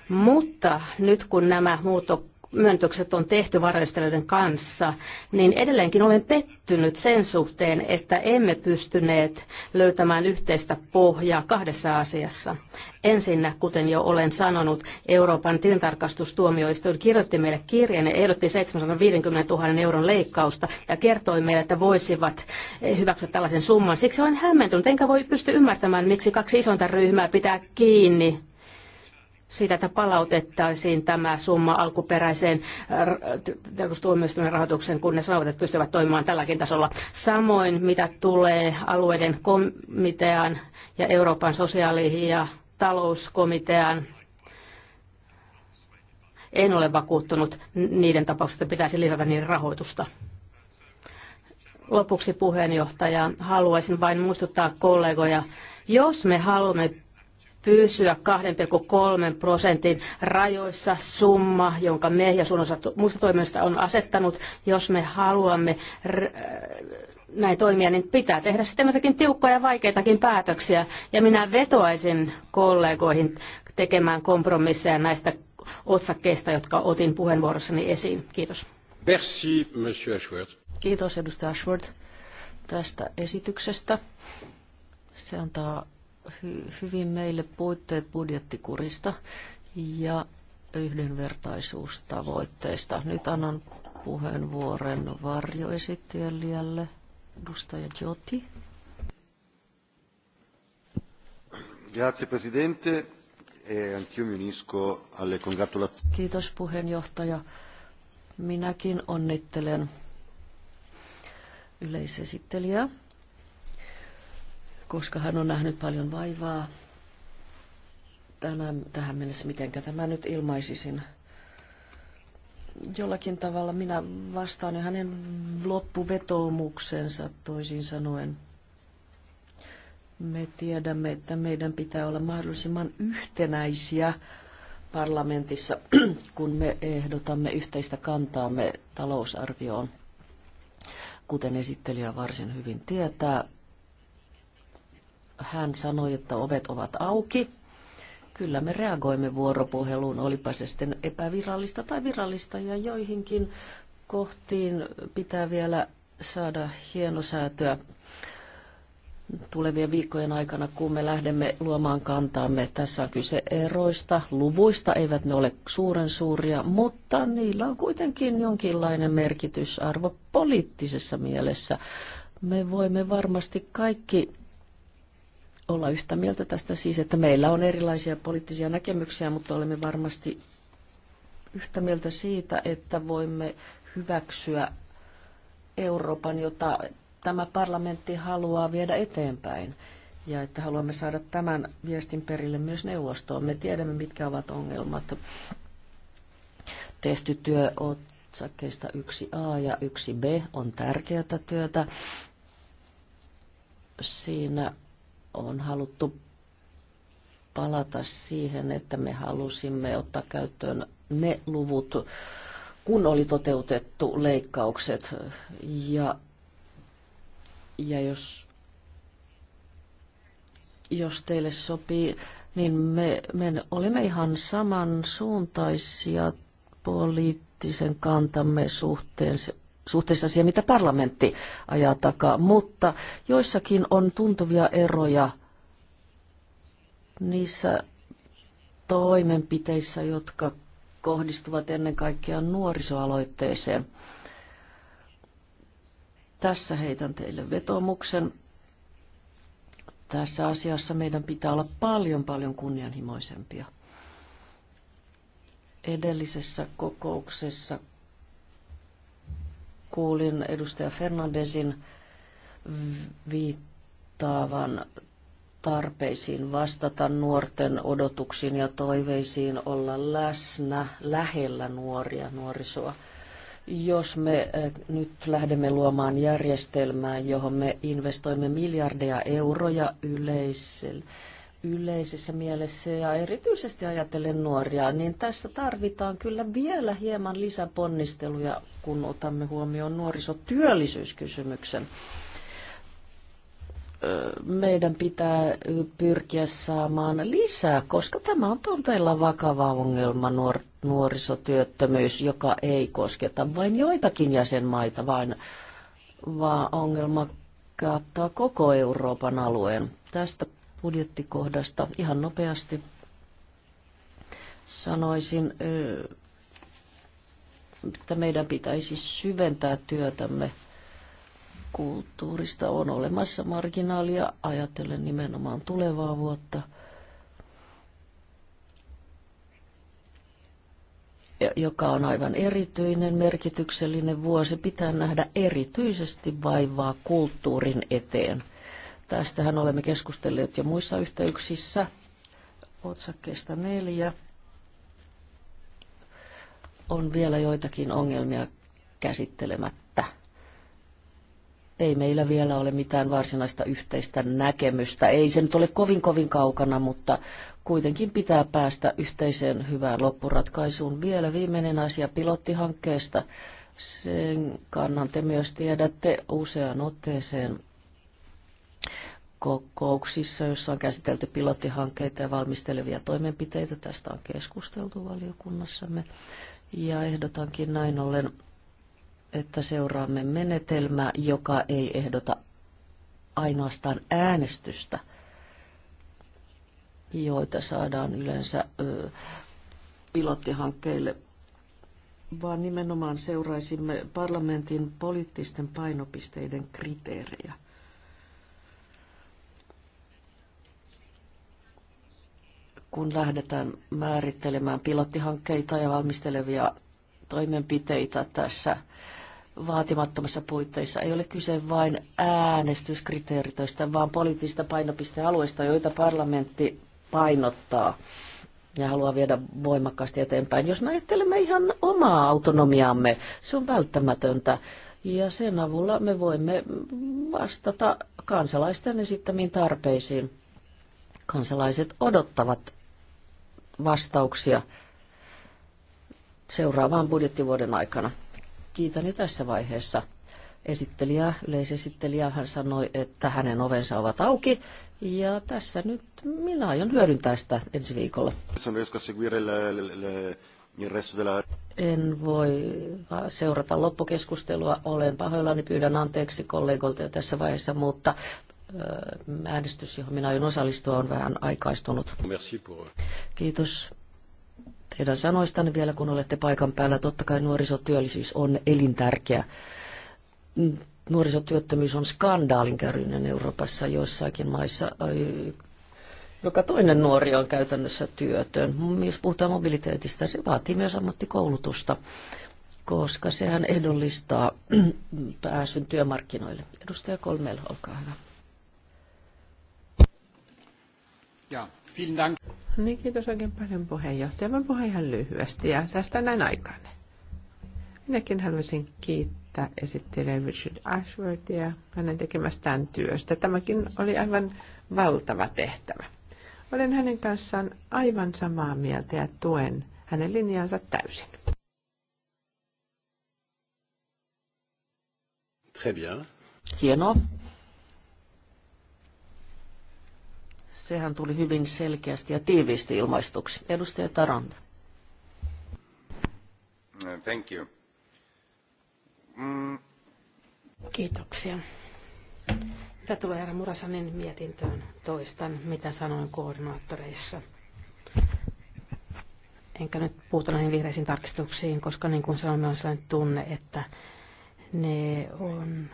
Mutta nyt kun nämä muutokset myöntökset on tehty varjostelijoiden kanssa, niin edelleenkin olen pettynyt sen suhteen, että emme pystyneet löytämään yhteistä pohjaa kahdessa asiassa. Ensinnä, kuten jo olen sanonut, Euroopan tilintarkastustuomioistuin kirjoitti meille kirjeen ja ehdotti 750 000 euron leikkausta ja kertoi meille, että voisivat hyväksyä tällaisen summan. Siksi olen hämmentynyt, enkä voi pysty ymmärtämään, miksi kaksi isointa ryhmää pitää kiinni siitä, että palautettaisiin tämä summa alkuperäiseen tuomioistuimen äh, rahoituksen kun ne saavutet pystyvät toimimaan tälläkin tasolla. Samoin mitä tulee alueiden komitean ja Euroopan sosiaali- ja talouskomitean en ole vakuuttunut niiden tapauksista, että pitäisi lisätä niiden rahoitusta. Lopuksi puheenjohtaja, haluaisin vain muistuttaa kollegoja, jos me haluamme pysyä 2,3 prosentin rajoissa summa, jonka me ja sun osa muista toimijoista on asettanut. Jos me haluamme äh, näin toimia, niin pitää tehdä sitten jotakin tiukkoja ja vaikeitakin päätöksiä. Ja minä vetoaisin kollegoihin tekemään kompromisseja näistä otsakkeista, jotka otin puheenvuorossani esiin. Kiitos. Merci, monsieur Ashworth. Kiitos, edustaja Ashworth, tästä esityksestä. Se antaa hy- hyvin meille puitteet budjettikurista ja yhdenvertaisuustavoitteista. Nyt annan puheenvuoron varjoesittelijälle edustaja Joti. Grazie Presidente e anch'io mi unisco alle congratulazioni. Kiitos puheenjohtaja. Minäkin onnittelen yleisesittelijää koska hän on nähnyt paljon vaivaa tänään, tähän mennessä. Mitenkä tämä nyt ilmaisisin? Jollakin tavalla minä vastaan jo hänen loppuvetoomuksensa toisin sanoen. Me tiedämme, että meidän pitää olla mahdollisimman yhtenäisiä parlamentissa, kun me ehdotamme yhteistä kantaamme talousarvioon. Kuten esittelijä varsin hyvin tietää, hän sanoi, että ovet ovat auki. Kyllä me reagoimme vuoropuheluun, olipa se sitten epävirallista tai virallista, ja joihinkin kohtiin pitää vielä saada hienosäätöä tulevien viikkojen aikana, kun me lähdemme luomaan kantaamme. Tässä on kyse eroista, luvuista eivät ne ole suuren suuria, mutta niillä on kuitenkin jonkinlainen merkitysarvo poliittisessa mielessä. Me voimme varmasti kaikki olla yhtä mieltä tästä siis, että meillä on erilaisia poliittisia näkemyksiä, mutta olemme varmasti yhtä mieltä siitä, että voimme hyväksyä Euroopan, jota tämä parlamentti haluaa viedä eteenpäin. Ja että haluamme saada tämän viestin perille myös neuvostoon. Me tiedämme, mitkä ovat ongelmat. Tehty työ otsakkeista 1a ja 1b on tärkeää työtä. Siinä on haluttu palata siihen, että me halusimme ottaa käyttöön ne luvut, kun oli toteutettu leikkaukset. Ja, ja jos, jos teille sopii, niin me, me olimme ihan samansuuntaisia poliittisen kantamme suhteen. Se suhteessa siihen, mitä parlamentti ajaa takaa, mutta joissakin on tuntuvia eroja niissä toimenpiteissä, jotka kohdistuvat ennen kaikkea nuorisoaloitteeseen. Tässä heitän teille vetomuksen. Tässä asiassa meidän pitää olla paljon paljon kunnianhimoisempia. Edellisessä kokouksessa kuulin edustaja Fernandesin viittaavan tarpeisiin vastata nuorten odotuksiin ja toiveisiin olla läsnä lähellä nuoria nuorisoa. Jos me eh, nyt lähdemme luomaan järjestelmää, johon me investoimme miljardeja euroja yleisellä yleisessä mielessä ja erityisesti ajatellen nuoria, niin tässä tarvitaan kyllä vielä hieman lisäponnisteluja, kun otamme huomioon nuorisotyöllisyyskysymyksen. Meidän pitää pyrkiä saamaan lisää, koska tämä on todella vakava ongelma nuor- nuorisotyöttömyys, joka ei kosketa vain joitakin jäsenmaita, vaan, vaan ongelma kattaa koko Euroopan alueen. Tästä budjettikohdasta ihan nopeasti. Sanoisin, että meidän pitäisi syventää työtämme kulttuurista. On olemassa marginaalia, ajatellen nimenomaan tulevaa vuotta. joka on aivan erityinen, merkityksellinen vuosi, pitää nähdä erityisesti vaivaa kulttuurin eteen. Tästähän olemme keskustelleet jo muissa yhteyksissä. Otsakkeesta neljä. On vielä joitakin ongelmia käsittelemättä. Ei meillä vielä ole mitään varsinaista yhteistä näkemystä. Ei se nyt ole kovin kovin kaukana, mutta kuitenkin pitää päästä yhteiseen hyvään loppuratkaisuun. Vielä viimeinen asia pilottihankkeesta. Sen kannan te myös tiedätte useaan otteeseen kokouksissa, jossa on käsitelty pilottihankkeita ja valmistelevia toimenpiteitä. Tästä on keskusteltu valiokunnassamme. Ja ehdotankin näin ollen, että seuraamme menetelmää, joka ei ehdota ainoastaan äänestystä, joita saadaan yleensä pilottihankkeille, vaan nimenomaan seuraisimme parlamentin poliittisten painopisteiden kriteerejä – kun lähdetään määrittelemään pilottihankkeita ja valmistelevia toimenpiteitä tässä vaatimattomassa puitteissa. Ei ole kyse vain äänestyskriteeritoista, vaan poliittisista painopistealueista, joita parlamentti painottaa ja haluaa viedä voimakkaasti eteenpäin. Jos me ajattelemme ihan omaa autonomiamme, se on välttämätöntä. Ja sen avulla me voimme vastata kansalaisten esittämiin tarpeisiin. Kansalaiset odottavat vastauksia seuraavaan budjettivuoden aikana. Kiitän jo tässä vaiheessa esittelijää, yleisesittelijää. Hän sanoi, että hänen ovensa ovat auki ja tässä nyt minä aion hyödyntää sitä ensi viikolla. En voi seurata loppukeskustelua, olen pahoillani, pyydän anteeksi kollegoilta jo tässä vaiheessa, mutta Äh, äänestys, johon minä aion osallistua, on vähän aikaistunut. Kiitos teidän sanoistanne vielä, kun olette paikan päällä. Totta kai nuorisotyöllisyys on elintärkeä. Nuorisotyöttömyys on skandaalinkäryinen Euroopassa joissakin maissa. Joka toinen nuori on käytännössä työtön. Jos puhutaan mobiliteetista, se vaatii myös ammattikoulutusta, koska sehän ehdollistaa pääsyn työmarkkinoille. Edustaja Kolmel, olkaa hyvä. Ja, Niin, kiitos oikein paljon puheenjohtaja. Voin puhua ihan lyhyesti ja säästän näin aikaan. Minäkin haluaisin kiittää esittelijä Richard Ashworthia hänen tekemästään työstä. Tämäkin oli aivan valtava tehtävä. Olen hänen kanssaan aivan samaa mieltä ja tuen hänen linjaansa täysin. Très bien. Hienoa. Sehän tuli hyvin selkeästi ja tiiviisti ilmaistuksi. Edustaja Taranta. Thank you. Mm. Kiitoksia. Mitä tulee herra Murasanin mietintöön, toistan, mitä sanoin koordinaattoreissa. Enkä nyt puutu näihin vihreisiin tarkistuksiin, koska niin kuin sanoin, on sellainen tunne, että ne on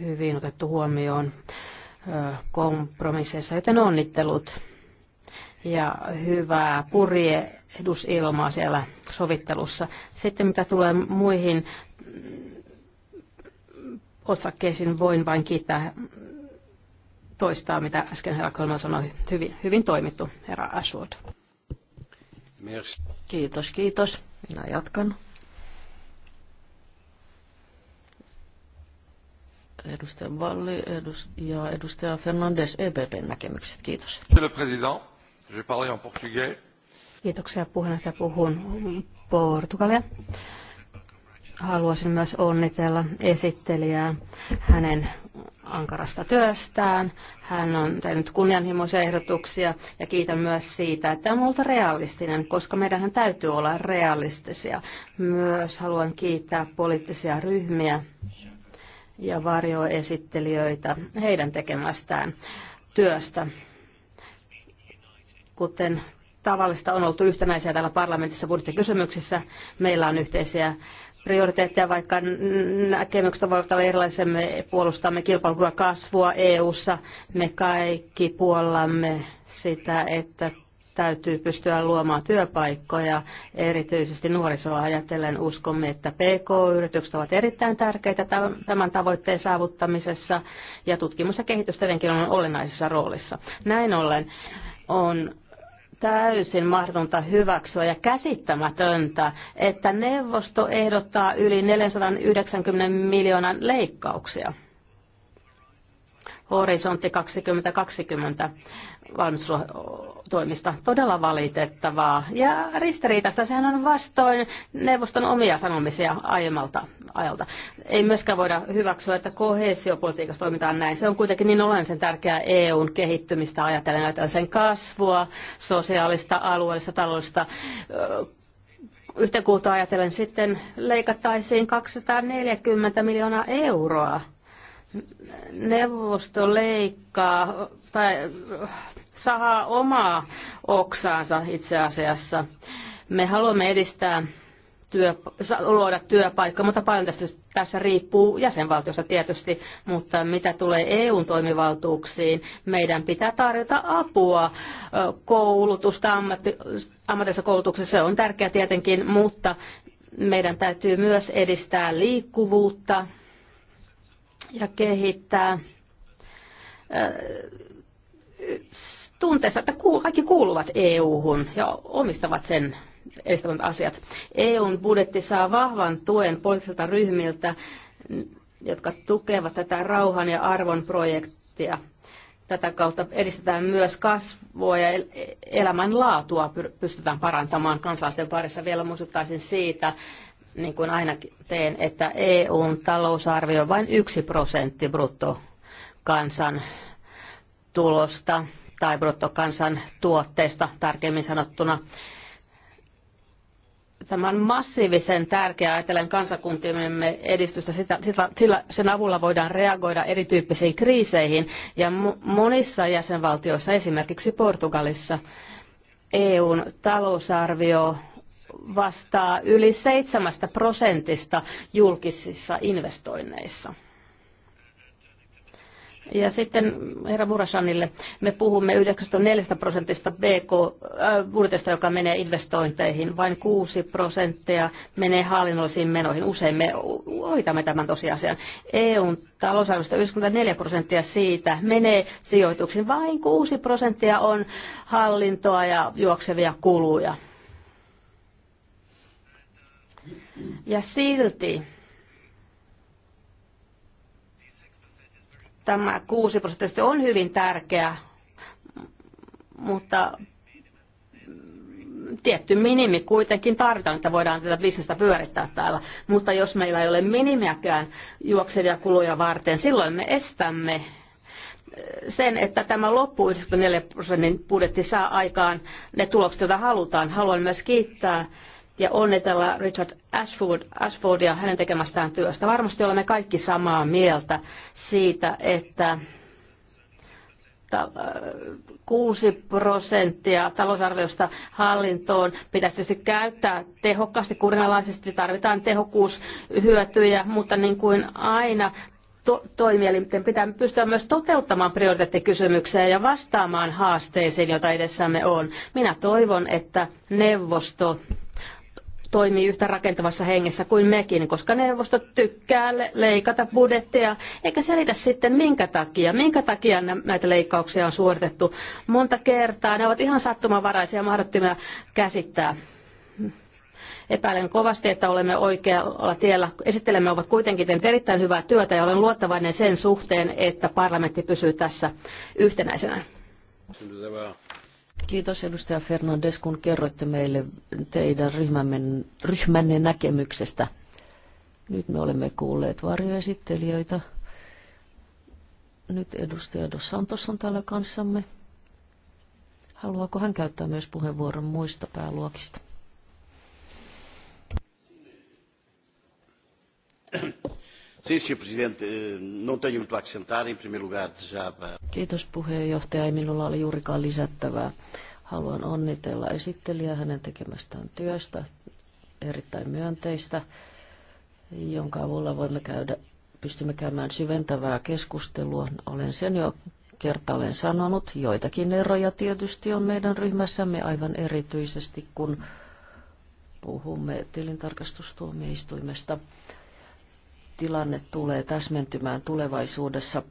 hyvin otettu huomioon kompromisseissa, joten onnittelut ja hyvää purjehdusilmaa siellä sovittelussa. Sitten mitä tulee muihin otsakkeisiin, voin vain kiittää toistaa, mitä äsken herra Kölmä sanoi. Hyvin, hyvin toimittu, herra Ashwood. Kiitos, kiitos. Minä jatkan. edustaja Valli ja edustaja Fernandes EPPn näkemykset. Kiitos. Kiitoksia puheenjohtaja. Puhun portugalia. Haluaisin myös onnitella esittelijää hänen ankarasta työstään. Hän on tehnyt kunnianhimoisia ehdotuksia ja kiitän myös siitä, että on ollut realistinen, koska meidän täytyy olla realistisia. Myös haluan kiittää poliittisia ryhmiä ja varjoesittelijöitä heidän tekemästään työstä. Kuten tavallista on oltu yhtenäisiä täällä parlamentissa budjettikysymyksissä, meillä on yhteisiä prioriteetteja, vaikka näkemykset voivat olla erilaisia. Me puolustamme kilpailukykyä kasvua EU-ssa. Me kaikki puollamme sitä, että täytyy pystyä luomaan työpaikkoja, erityisesti nuorisoa ajatellen uskomme, että PK-yritykset ovat erittäin tärkeitä tämän tavoitteen saavuttamisessa ja tutkimus ja kehitys tietenkin on olennaisessa roolissa. Näin ollen on täysin mahdotonta hyväksyä ja käsittämätöntä, että neuvosto ehdottaa yli 490 miljoonan leikkauksia. Horisontti 2020 valmistusohjelma toimista. Todella valitettavaa ja ristiriitasta. Sehän on vastoin neuvoston omia sanomisia aiemmalta ajalta. Ei myöskään voida hyväksyä, että kohesiopolitiikassa toimitaan näin. Se on kuitenkin niin olennaisen tärkeää EUn kehittymistä ajatellen, ajatellen sen kasvua, sosiaalista, alueellista, taloudellista yhtä ajatellen sitten leikattaisiin 240 miljoonaa euroa. Neuvosto leikkaa tai sahaa omaa oksaansa itse asiassa. Me haluamme edistää työ, luoda työpaikka, mutta paljon tästä tässä riippuu jäsenvaltiosta tietysti, mutta mitä tulee EUn toimivaltuuksiin, meidän pitää tarjota apua, koulutusta, ammatti, ammatillisessa koulutuksessa on tärkeää tietenkin, mutta meidän täytyy myös edistää liikkuvuutta ja kehittää tunteessa, että kaikki kuuluvat EU-hun ja omistavat sen edistävät asiat. EUn budjetti saa vahvan tuen poliittisilta ryhmiltä, jotka tukevat tätä rauhan ja arvon projektia. Tätä kautta edistetään myös kasvua ja elämänlaatua pystytään parantamaan kansalaisten parissa. Vielä muistuttaisin siitä, niin kuin aina teen, että EUn talousarvio on vain yksi prosentti bruttokansan tulosta tai bruttokansan tuotteesta tarkemmin sanottuna. Tämä on massiivisen tärkeää ajatellen kansakuntiemme edistystä. Sitä, sillä sen avulla voidaan reagoida erityyppisiin kriiseihin. Ja monissa jäsenvaltioissa, esimerkiksi Portugalissa, EUn talousarvio vastaa yli seitsemästä prosentista julkisissa investoinneissa. Ja sitten herra Murashanille, me puhumme 94 prosentista BK, äh, budjetista, joka menee investointeihin. Vain 6 prosenttia menee hallinnollisiin menoihin. Usein me ohitamme tämän tosiasian. EUn talousarvosta 94 prosenttia siitä menee sijoituksiin. Vain 6 prosenttia on hallintoa ja juoksevia kuluja. Ja silti Tämä 6 prosenttia on hyvin tärkeä, mutta tietty minimi kuitenkin tarvitaan, että voidaan tätä bisnestä pyörittää täällä. Mutta jos meillä ei ole minimiäkään juoksevia kuluja varten, silloin me estämme sen, että tämä loppu 94 prosentin budjetti saa aikaan ne tulokset, joita halutaan. Haluan myös kiittää ja onnitella Richard Ashford, Ashfordia hänen tekemästään työstä. Varmasti olemme kaikki samaa mieltä siitä, että 6 äh, prosenttia talousarviosta hallintoon pitäisi tietysti käyttää tehokkaasti, kurinalaisesti, tarvitaan tehokkuushyötyjä, mutta niin kuin aina to- toimielinten pitää pystyä myös toteuttamaan prioriteettikysymyksiä ja vastaamaan haasteisiin, joita edessämme on. Minä toivon, että neuvosto toimii yhtä rakentavassa hengessä kuin mekin, koska neuvosto tykkää leikata budjetteja, eikä selitä sitten minkä takia. Minkä takia näitä leikkauksia on suoritettu monta kertaa. Ne ovat ihan sattumanvaraisia ja mahdottomia käsittää. Epäilen kovasti, että olemme oikealla tiellä. Esittelemme ovat kuitenkin tehneet erittäin hyvää työtä ja olen luottavainen sen suhteen, että parlamentti pysyy tässä yhtenäisenä. Kiitos edustaja Fernandes, kun kerroitte meille teidän ryhmämme, ryhmänne näkemyksestä. Nyt me olemme kuulleet varjoesittelijöitä. Nyt edustaja Dos Santos on täällä kanssamme. Haluaako hän käyttää myös puheenvuoron muista pääluokista? Sim, presidente, eh, não tenho muito a acrescentar. Em primeiro lugar, desejava... Kiitos puheenjohtaja. Ei minulla ole juurikaan lisättävää. Haluan onnitella esittelijää hänen tekemästään työstä, erittäin myönteistä, jonka avulla voimme käydä, pystymme käymään syventävää keskustelua. Olen sen jo kertaalleen sanonut. Joitakin eroja tietysti on meidän ryhmässämme aivan erityisesti, kun puhumme tilintarkastustuomioistuimesta tilanne tulee täsmentymään tulevaisuudessa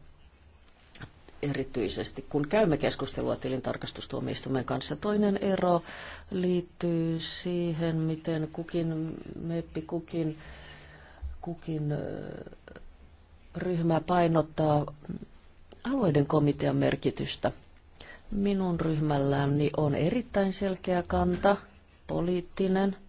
erityisesti, kun käymme keskustelua tilintarkastustuomioistuimen kanssa. Toinen ero liittyy siihen, miten kukin meppi, kukin, kukin ryhmä painottaa alueiden komitean merkitystä. Minun ryhmälläni on erittäin selkeä kanta, poliittinen –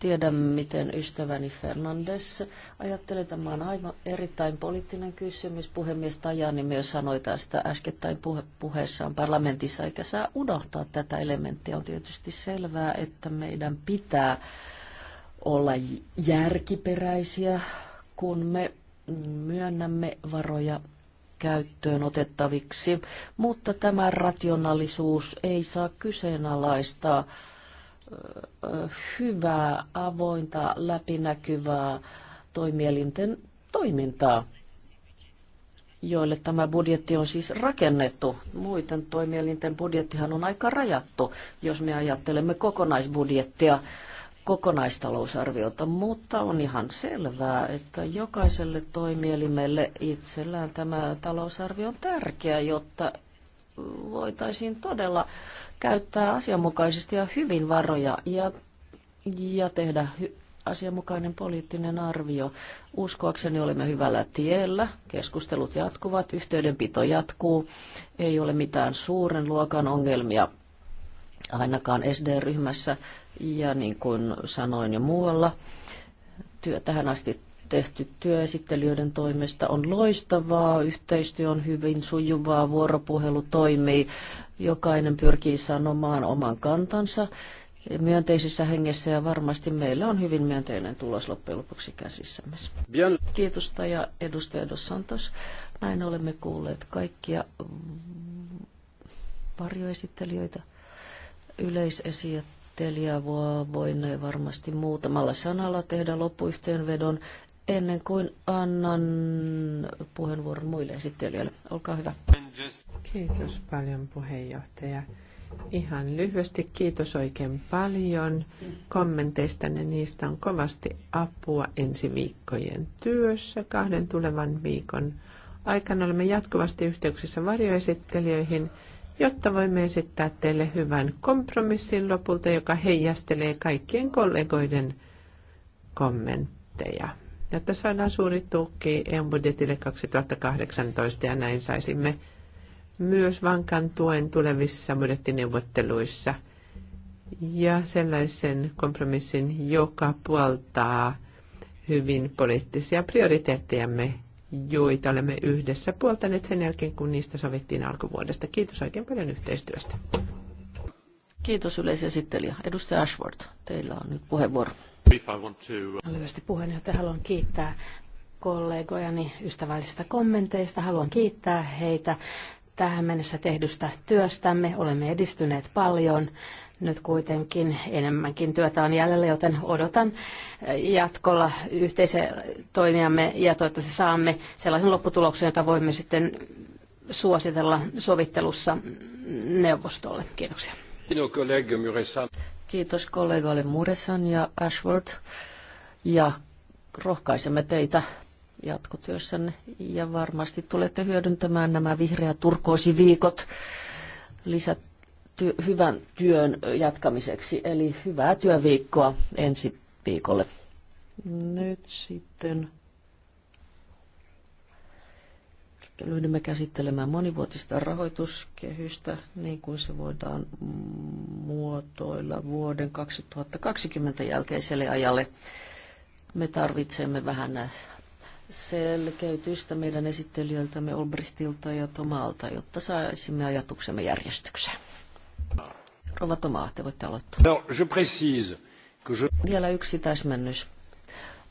tiedä, miten ystäväni Fernandes ajattelee. Tämä on aivan erittäin poliittinen kysymys. Puhemies Tajani myös sanoi tästä äskettäin puhe- puheessaan parlamentissa, eikä saa unohtaa tätä elementtiä. On tietysti selvää, että meidän pitää olla järkiperäisiä, kun me myönnämme varoja käyttöön otettaviksi, mutta tämä rationaalisuus ei saa kyseenalaistaa hyvää, avointa, läpinäkyvää toimielinten toimintaa, joille tämä budjetti on siis rakennettu. Muiden toimielinten budjettihan on aika rajattu, jos me ajattelemme kokonaisbudjettia, kokonaistalousarviota, mutta on ihan selvää, että jokaiselle toimielimelle itsellään tämä talousarvio on tärkeä, jotta voitaisiin todella käyttää asianmukaisesti ja hyvin varoja ja, ja tehdä hy- asianmukainen poliittinen arvio. Uskoakseni olemme hyvällä tiellä, keskustelut jatkuvat, yhteydenpito jatkuu, ei ole mitään suuren luokan ongelmia ainakaan SD-ryhmässä ja niin kuin sanoin jo muualla, työ tähän asti tehty työ esittelijöiden toimesta on loistavaa, yhteistyö on hyvin sujuvaa, vuoropuhelu toimii, jokainen pyrkii sanomaan oman kantansa myönteisessä hengessä ja varmasti meillä on hyvin myönteinen tulos loppujen lopuksi käsissämme. Bien. Kiitos ja edustaja Dos Santos. Näin olemme kuulleet kaikkia varjoesittelijöitä. Yleisesittelijä voi varmasti muutamalla sanalla tehdä loppuyhteenvedon ennen kuin annan puheenvuoron muille esittelijöille. Olkaa hyvä. Kiitos paljon puheenjohtaja. Ihan lyhyesti kiitos oikein paljon kommenteista. Niistä on kovasti apua ensi viikkojen työssä. Kahden tulevan viikon aikana olemme jatkuvasti yhteyksissä varjoesittelijöihin, jotta voimme esittää teille hyvän kompromissin lopulta, joka heijastelee kaikkien kollegoiden kommentteja että saadaan suuri tuki EU-budjetille 2018 ja näin saisimme myös vankan tuen tulevissa budjettineuvotteluissa ja sellaisen kompromissin, joka puoltaa hyvin poliittisia prioriteettejamme, joita olemme yhdessä puoltaneet sen jälkeen, kun niistä sovittiin alkuvuodesta. Kiitos oikein paljon yhteistyöstä. Kiitos yleisesittelijä. Edustaja Ashford teillä on nyt puheenvuoro. Uh, lyhyesti puheenjohtaja, haluan kiittää kollegojani ystävällisistä kommenteista. Haluan kiittää heitä tähän mennessä tehdystä työstämme. Olemme edistyneet paljon. Nyt kuitenkin enemmänkin työtä on jäljellä, joten odotan eh, jatkolla yhteisiä toimiamme ja toivottavasti saamme sellaisen lopputuloksen, jota voimme sitten suositella sovittelussa neuvostolle. Kiitoksia. Kiitos kollegoille Muresan ja Ashworth ja rohkaisemme teitä jatkotyössänne ja varmasti tulette hyödyntämään nämä vihreä turkoosiviikot lisät ty- hyvän työn jatkamiseksi. Eli hyvää työviikkoa ensi viikolle. Nyt sitten ryhdymme käsittelemään monivuotista rahoituskehystä niin kuin se voidaan muotoilla vuoden 2020 jälkeiselle ajalle. Me tarvitsemme vähän selkeytystä meidän esittelijöiltämme Olbrichtilta ja Tomalta, jotta saisimme ajatuksemme järjestykseen. Rova Tomaa, te voitte aloittaa. No, je précise, que je... Vielä yksi täsmennys.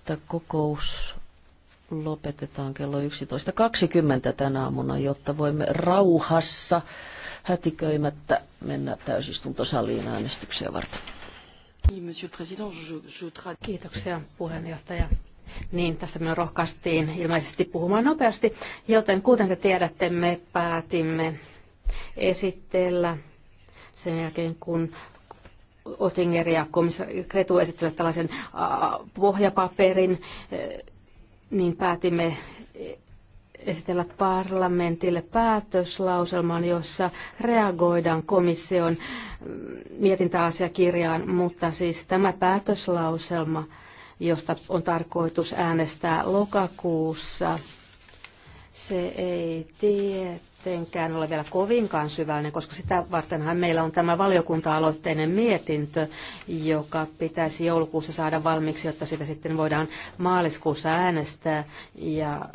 Tämä kokous lopetetaan kello 11.20 tänä aamuna, jotta voimme rauhassa hätiköimättä mennä täysistuntosaliin äänestyksiä varten. Niin, Kiitoksia puheenjohtaja. Niin, tässä me rohkaistiin ilmeisesti puhumaan nopeasti, joten kuten te tiedätte, me päätimme esitellä sen jälkeen, kun Otinger ja komissari Kretu esittelevät tällaisen pohjapaperin, niin päätimme esitellä parlamentille päätöslauselman, jossa reagoidaan komission mietintäasiakirjaan, mutta siis tämä päätöslauselma, josta on tarkoitus äänestää lokakuussa, se ei tiedä tietenkään ole vielä kovinkaan syvällinen, koska sitä vartenhan meillä on tämä valiokunta-aloitteinen mietintö, joka pitäisi joulukuussa saada valmiiksi, jotta sitä sitten voidaan maaliskuussa äänestää. Ja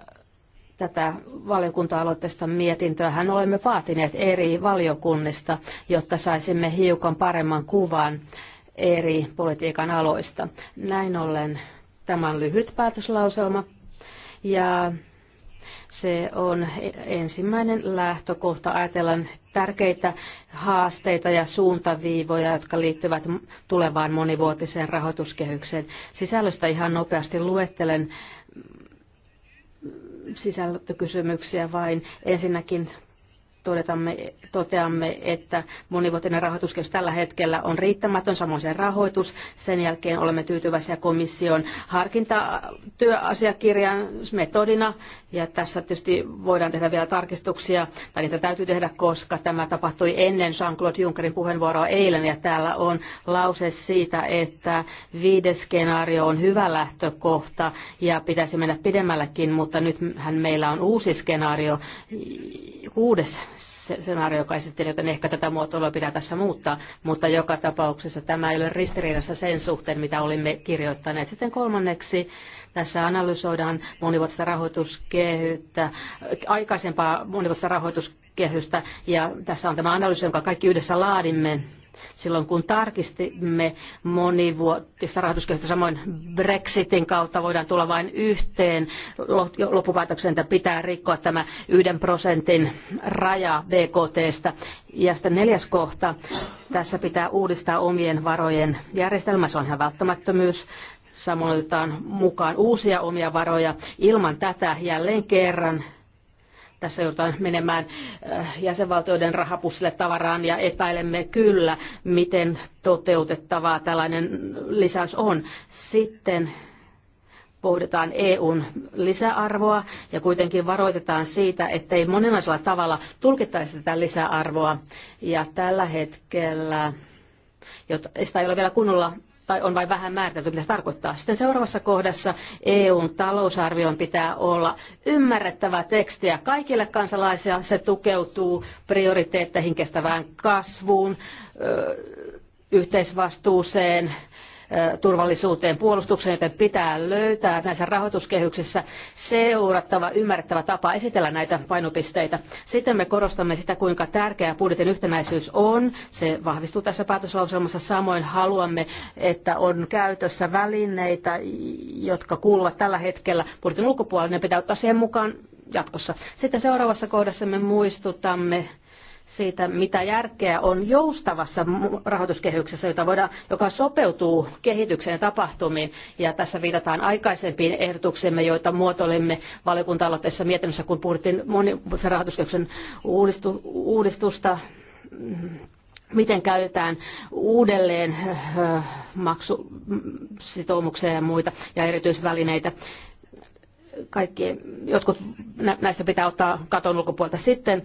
tätä valiokunta-aloitteesta mietintöähän olemme vaatineet eri valiokunnista, jotta saisimme hiukan paremman kuvan eri politiikan aloista. Näin ollen tämä on lyhyt päätöslauselma. Ja se on ensimmäinen lähtökohta. Ajatellaan tärkeitä haasteita ja suuntaviivoja, jotka liittyvät tulevaan monivuotiseen rahoituskehykseen. Sisällöstä ihan nopeasti luettelen sisältökysymyksiä vain. Ensinnäkin todetamme, toteamme, että monivuotinen rahoituskehys tällä hetkellä on riittämätön, samoin sen rahoitus. Sen jälkeen olemme tyytyväisiä komission harkintatyöasiakirjan metodina ja tässä tietysti voidaan tehdä vielä tarkistuksia, tai niitä täytyy tehdä, koska tämä tapahtui ennen Jean-Claude Junckerin puheenvuoroa eilen, ja täällä on lause siitä, että viides skenaario on hyvä lähtökohta, ja pitäisi mennä pidemmällekin, mutta nythän meillä on uusi skenaario, kuudes skenaario, joka esitteli, joten ehkä tätä muotoilua pitää tässä muuttaa, mutta joka tapauksessa tämä ei ole ristiriidassa sen suhteen, mitä olimme kirjoittaneet. Sitten kolmanneksi tässä analysoidaan monivuotista rahoituskehyttä, aikaisempaa monivuotista rahoituskehystä ja tässä on tämä analyysi, jonka kaikki yhdessä laadimme silloin kun tarkistimme monivuotista rahoituskehystä, samoin Brexitin kautta voidaan tulla vain yhteen loppupäätökseen, että pitää rikkoa tämä yhden prosentin raja BKTstä. Ja sitten neljäs kohta, tässä pitää uudistaa omien varojen järjestelmä, se on ihan välttämättömyys. Samoin otetaan mukaan uusia omia varoja. Ilman tätä jälleen kerran tässä joudutaan menemään äh, jäsenvaltioiden rahapussille tavaraan ja epäilemme kyllä, miten toteutettavaa tällainen lisäys on. Sitten pohditaan EUn lisäarvoa ja kuitenkin varoitetaan siitä, ettei monenlaisella tavalla tulkittaisi tätä lisäarvoa. Ja tällä hetkellä, jotta sitä ei ole vielä kunnolla tai on vain vähän määritelty, mitä se tarkoittaa. Sitten seuraavassa kohdassa EUn talousarvion pitää olla ymmärrettävää tekstiä kaikille kansalaisille. Se tukeutuu prioriteetteihin, kestävään kasvuun, yhteisvastuuseen, turvallisuuteen, puolustukseen, joten pitää löytää näissä rahoituskehyksissä seurattava, ymmärrettävä tapa esitellä näitä painopisteitä. Sitten me korostamme sitä, kuinka tärkeä budjetin yhtenäisyys on. Se vahvistuu tässä päätöslauselmassa. Samoin haluamme, että on käytössä välineitä, jotka kuuluvat tällä hetkellä budjetin ulkopuolelle. Ne pitää ottaa siihen mukaan jatkossa. Sitten seuraavassa kohdassa me muistutamme siitä, mitä järkeä on joustavassa rahoituskehyksessä, jota voidaan, joka sopeutuu kehitykseen ja tapahtumiin. Ja tässä viitataan aikaisempiin ehdotuksemme, joita muotoilimme valiokunta-aloitteessa mietinnössä, kun puhuttiin monivuotisen rahoituskehyksen uudistusta miten käytetään uudelleen äh, maksusitoumuksia ja muita ja erityisvälineitä. Kaikki, jotkut näistä pitää ottaa katon ulkopuolelta sitten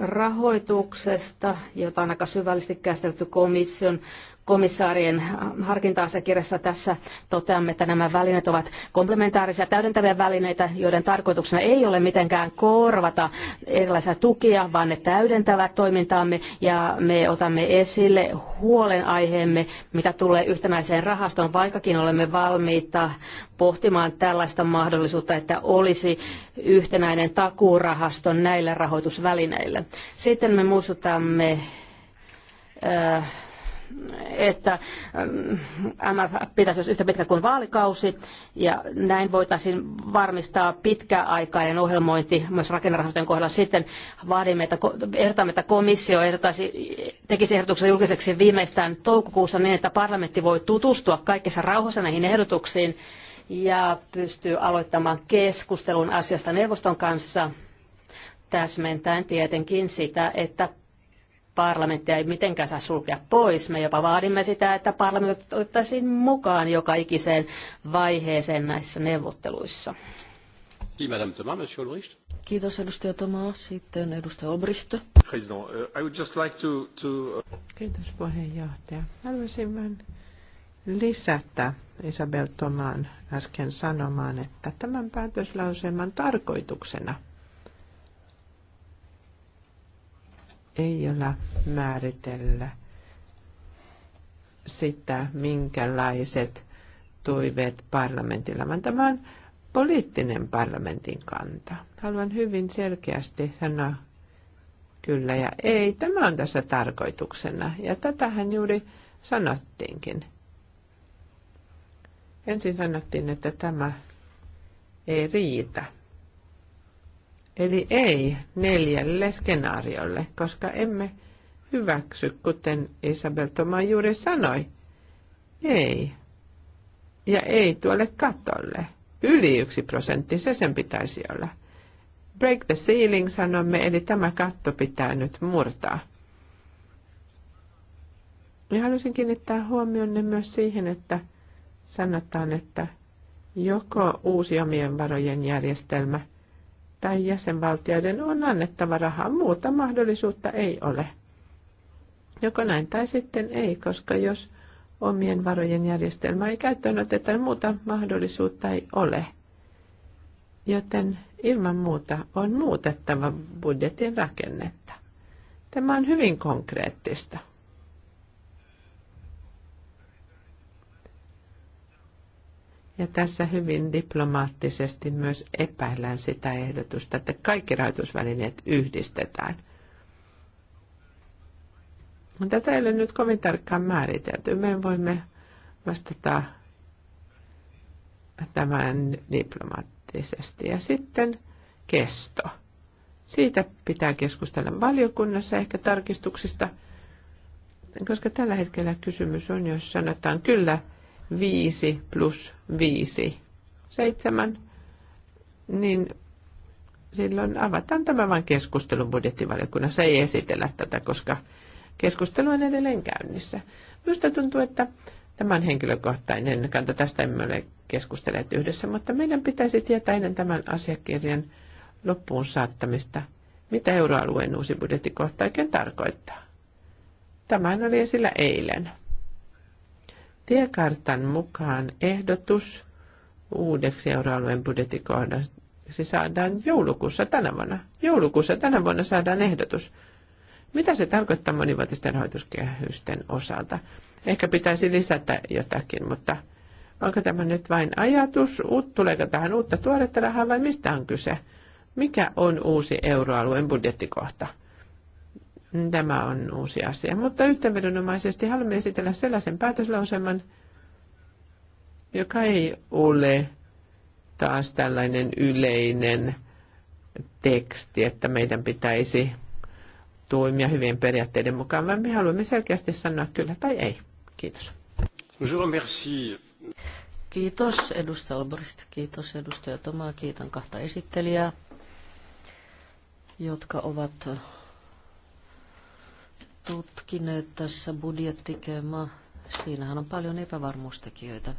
rahoituksesta, jota on aika syvällisesti käsitelty komission komissaarien harkinta-asiakirjassa tässä toteamme, että nämä välineet ovat komplementaarisia täydentäviä välineitä, joiden tarkoituksena ei ole mitenkään korvata erilaisia tukia, vaan ne täydentävät toimintaamme ja me otamme esille huolenaiheemme, mitä tulee yhtenäiseen rahastoon, vaikkakin olemme valmiita pohtimaan tällaista mahdollisuutta, että olisi yhtenäinen takuurahasto näille rahoitusvälineille. Sitten me muistutamme äh, että MF ähm, pitäisi olla yhtä pitkä kuin vaalikausi, ja näin voitaisiin varmistaa pitkäaikainen ohjelmointi myös rakennerahastojen kohdalla. Sitten vaadimme, että, ehdotamme, että komissio ehdotaisi, tekisi ehdotuksen julkiseksi viimeistään toukokuussa niin, että parlamentti voi tutustua kaikessa rauhassa näihin ehdotuksiin ja pystyy aloittamaan keskustelun asiasta neuvoston kanssa täsmentäen tietenkin sitä, että parlamenttia ei mitenkään saa sulkea pois. Me jopa vaadimme sitä, että parlamentti otettaisiin mukaan joka ikiseen vaiheeseen näissä neuvotteluissa. Kiitos edustaja Toma. Sitten edustaja Olbricht. Uh, I would just like to, to... Uh, Kiitos puheenjohtaja. Haluaisin vain lisätä Isabel Tomaan äsken sanomaan, että tämän päätöslauselman tarkoituksena – ei ole määritellä sitä, minkälaiset toiveet parlamentilla, vaan tämä on poliittinen parlamentin kanta. Haluan hyvin selkeästi sanoa kyllä ja ei. Tämä on tässä tarkoituksena ja tätähän juuri sanottiinkin. Ensin sanottiin, että tämä ei riitä Eli ei neljälle skenaariolle, koska emme hyväksy, kuten Isabel Toma juuri sanoi. Ei. Ja ei tuolle katolle. Yli yksi prosentti, se sen pitäisi olla. Break the ceiling sanomme, eli tämä katto pitää nyt murtaa. Ja halusin kiinnittää huomionne myös siihen, että sanotaan, että joko uusi omien varojen järjestelmä – tai jäsenvaltioiden on annettava rahaa. Muuta mahdollisuutta ei ole. Joko näin tai sitten ei, koska jos omien varojen järjestelmä ei käyttöön oteta, niin muuta mahdollisuutta ei ole. Joten ilman muuta on muutettava budjetin rakennetta. Tämä on hyvin konkreettista. Ja tässä hyvin diplomaattisesti myös epäillään sitä ehdotusta, että kaikki rahoitusvälineet yhdistetään. No, tätä ei ole nyt kovin tarkkaan määritelty. Me voimme vastata tämän diplomaattisesti. Ja sitten kesto. Siitä pitää keskustella valiokunnassa ehkä tarkistuksista, koska tällä hetkellä kysymys on, jos sanotaan kyllä – 5 plus 5, 7, niin silloin avataan tämä vain keskustelun budjettivaliokunnassa. Ei esitellä tätä, koska keskustelu on edelleen käynnissä. Minusta tuntuu, että tämä on henkilökohtainen kanta. Tästä emme ole keskustelleet yhdessä, mutta meidän pitäisi tietää ennen tämän asiakirjan loppuun saattamista, mitä euroalueen uusi budjetti kohta oikein tarkoittaa. Tämän oli esillä eilen. Tiekartan mukaan ehdotus uudeksi euroalueen budjettikohdaksi saadaan joulukuussa tänä vuonna. Joulukuussa tänä vuonna saadaan ehdotus. Mitä se tarkoittaa monivuotisten rahoituskehysten osalta? Ehkä pitäisi lisätä jotakin, mutta onko tämä nyt vain ajatus? Tuleeko tähän uutta tuoretta rahaa vai mistä on kyse? Mikä on uusi euroalueen budjettikohta? Tämä on uusi asia. Mutta yhteenvedonomaisesti haluamme esitellä sellaisen päätöslauselman, joka ei ole taas tällainen yleinen teksti, että meidän pitäisi toimia hyvien periaatteiden mukaan, vaan me haluamme selkeästi sanoa kyllä tai ei. Kiitos. Kiitos edustaja Alborist, kiitos edustaja Tomaa, kiitän kahta esittelijää, jotka ovat tutkineet tässä budjettikema. Siinähän on paljon epävarmuustekijöitä.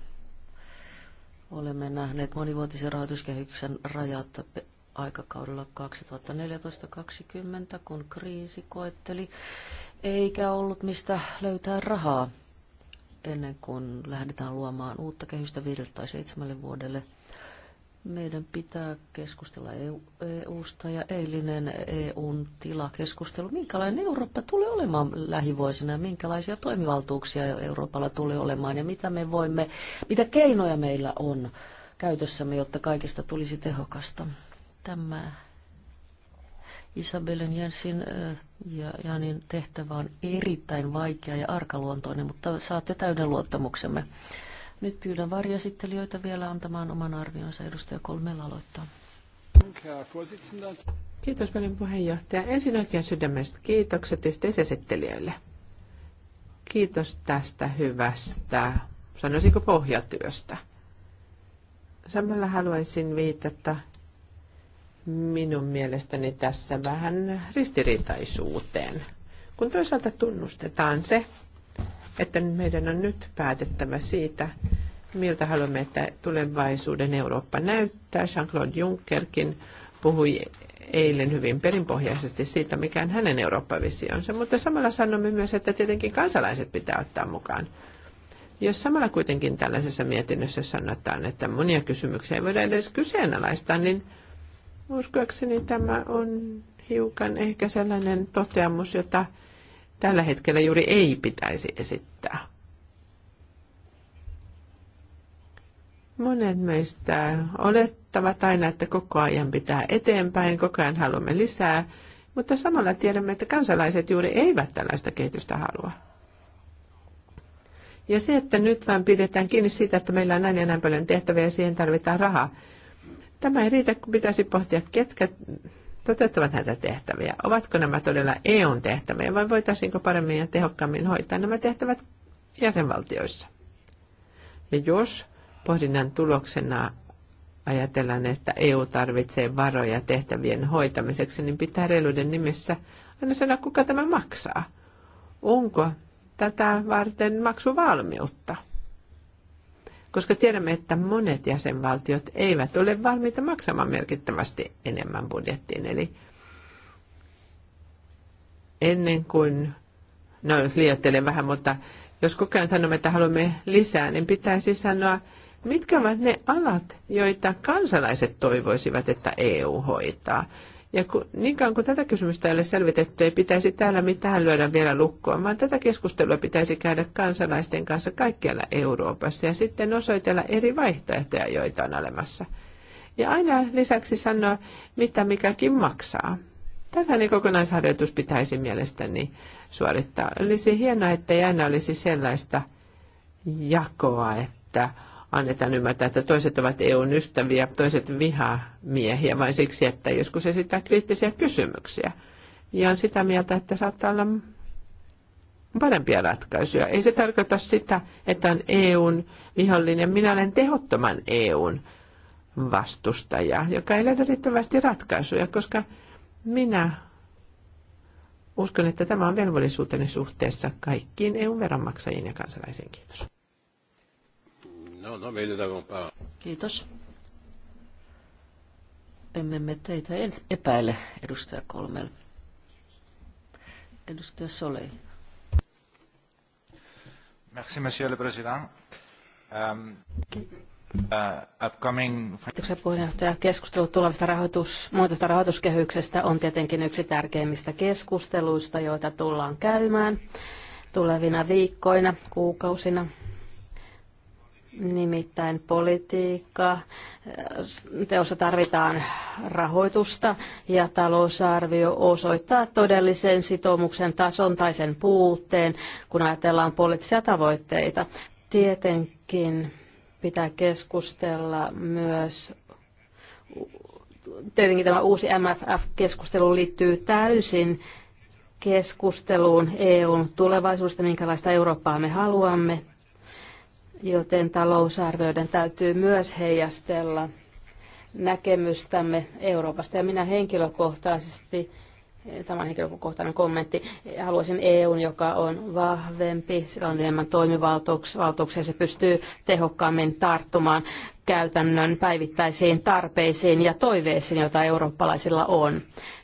Olemme nähneet monivuotisen rahoituskehyksen rajat aikakaudella 2014-2020, kun kriisi koetteli, eikä ollut mistä löytää rahaa ennen kuin lähdetään luomaan uutta kehystä viidelle tai seitsemälle vuodelle – meidän pitää keskustella EU, e sta ja eilinen EUn tilakeskustelu. Minkälainen Eurooppa tulee olemaan lähivuosina? Minkälaisia toimivaltuuksia Euroopalla tulee olemaan ja mitä me voimme, mitä keinoja meillä on käytössämme, jotta kaikista tulisi tehokasta? Tämä Isabellen Jensin ja Janin tehtävä on erittäin vaikea ja arkaluontoinen, mutta saatte täyden luottamuksemme. Nyt pyydän varjoesittelijöitä vielä antamaan oman arvionsa. Edustaja Kolmella aloittaa. Kiitos paljon puheenjohtaja. Ensin oikein sydämestä kiitokset yhteisesittelijöille. Kiitos tästä hyvästä, sanoisinko pohjatyöstä. Samalla haluaisin viitata minun mielestäni tässä vähän ristiriitaisuuteen, kun toisaalta tunnustetaan se, että meidän on nyt päätettävä siitä, miltä haluamme, että tulevaisuuden Eurooppa näyttää. Jean-Claude Junckerkin puhui eilen hyvin perinpohjaisesti siitä, mikä on hänen Eurooppa-visionsa, mutta samalla sanomme myös, että tietenkin kansalaiset pitää ottaa mukaan. Jos samalla kuitenkin tällaisessa mietinnössä sanotaan, että monia kysymyksiä ei voida edes kyseenalaistaa, niin uskoakseni tämä on hiukan ehkä sellainen toteamus, jota tällä hetkellä juuri ei pitäisi esittää. Monet meistä olettavat aina, että koko ajan pitää eteenpäin, koko ajan haluamme lisää, mutta samalla tiedämme, että kansalaiset juuri eivät tällaista kehitystä halua. Ja se, että nyt vain pidetään kiinni siitä, että meillä on näin ja näin paljon tehtäviä ja siihen tarvitaan rahaa. Tämä ei riitä, kun pitäisi pohtia, ketkä toteuttavat näitä tehtäviä. Ovatko nämä todella EUn tehtäviä vai voitaisiinko paremmin ja tehokkaammin hoitaa nämä tehtävät jäsenvaltioissa? Ja jos pohdinnan tuloksena ajatellaan, että EU tarvitsee varoja tehtävien hoitamiseksi, niin pitää reiluuden nimissä aina sanoa, kuka tämä maksaa. Onko tätä varten maksuvalmiutta? koska tiedämme, että monet jäsenvaltiot eivät ole valmiita maksamaan merkittävästi enemmän budjettiin. Eli ennen kuin, no liioittelen vähän, mutta jos koko ajan sanomme, että haluamme lisää, niin pitäisi sanoa, mitkä ovat ne alat, joita kansalaiset toivoisivat, että EU hoitaa. Ja kun, niin kauan kuin tätä kysymystä ei ole selvitetty, ei pitäisi täällä mitään lyödä vielä lukkoon, vaan tätä keskustelua pitäisi käydä kansalaisten kanssa kaikkialla Euroopassa ja sitten osoitella eri vaihtoehtoja, joita on olemassa. Ja aina lisäksi sanoa, mitä mikäkin maksaa. Tällainen kokonaisharjoitus pitäisi mielestäni suorittaa. Olisi hienoa, että ei aina olisi sellaista jakoa, että annetaan ymmärtää, että toiset ovat EUn ystäviä, toiset vihamiehiä vain siksi, että joskus esittää kriittisiä kysymyksiä. Ja on sitä mieltä, että saattaa olla parempia ratkaisuja. Ei se tarkoita sitä, että on EUn vihollinen. Minä olen tehottoman EUn vastustaja, joka ei löydä riittävästi ratkaisuja, koska minä uskon, että tämä on velvollisuuteni suhteessa kaikkiin EUn veronmaksajiin ja kansalaisiin. Kiitos. No, no, Kiitos. Emme me teitä epäile, edustaja Kolmel. Edustaja Solei. Merci, monsieur le président. Um, uh, upcoming... puheenjohtaja. Keskustelu tulevasta rahoitus, muutosta rahoituskehyksestä on tietenkin yksi tärkeimmistä keskusteluista, joita tullaan käymään tulevina viikkoina, kuukausina Nimittäin politiikka, teossa tarvitaan rahoitusta ja talousarvio osoittaa todellisen sitoumuksen tason tai sen puutteen, kun ajatellaan poliittisia tavoitteita. Tietenkin pitää keskustella myös tietenkin tämä uusi MFF-keskustelu liittyy täysin keskusteluun EUn tulevaisuudesta, minkälaista Eurooppaa me haluamme joten talousarvioiden täytyy myös heijastella näkemystämme Euroopasta. Ja minä henkilökohtaisesti, tämä on henkilökohtainen kommentti, haluaisin EUn, joka on vahvempi, sillä on enemmän toimivaltuuksia, se pystyy tehokkaammin tarttumaan käytännön päivittäisiin tarpeisiin ja toiveisiin, joita eurooppalaisilla on.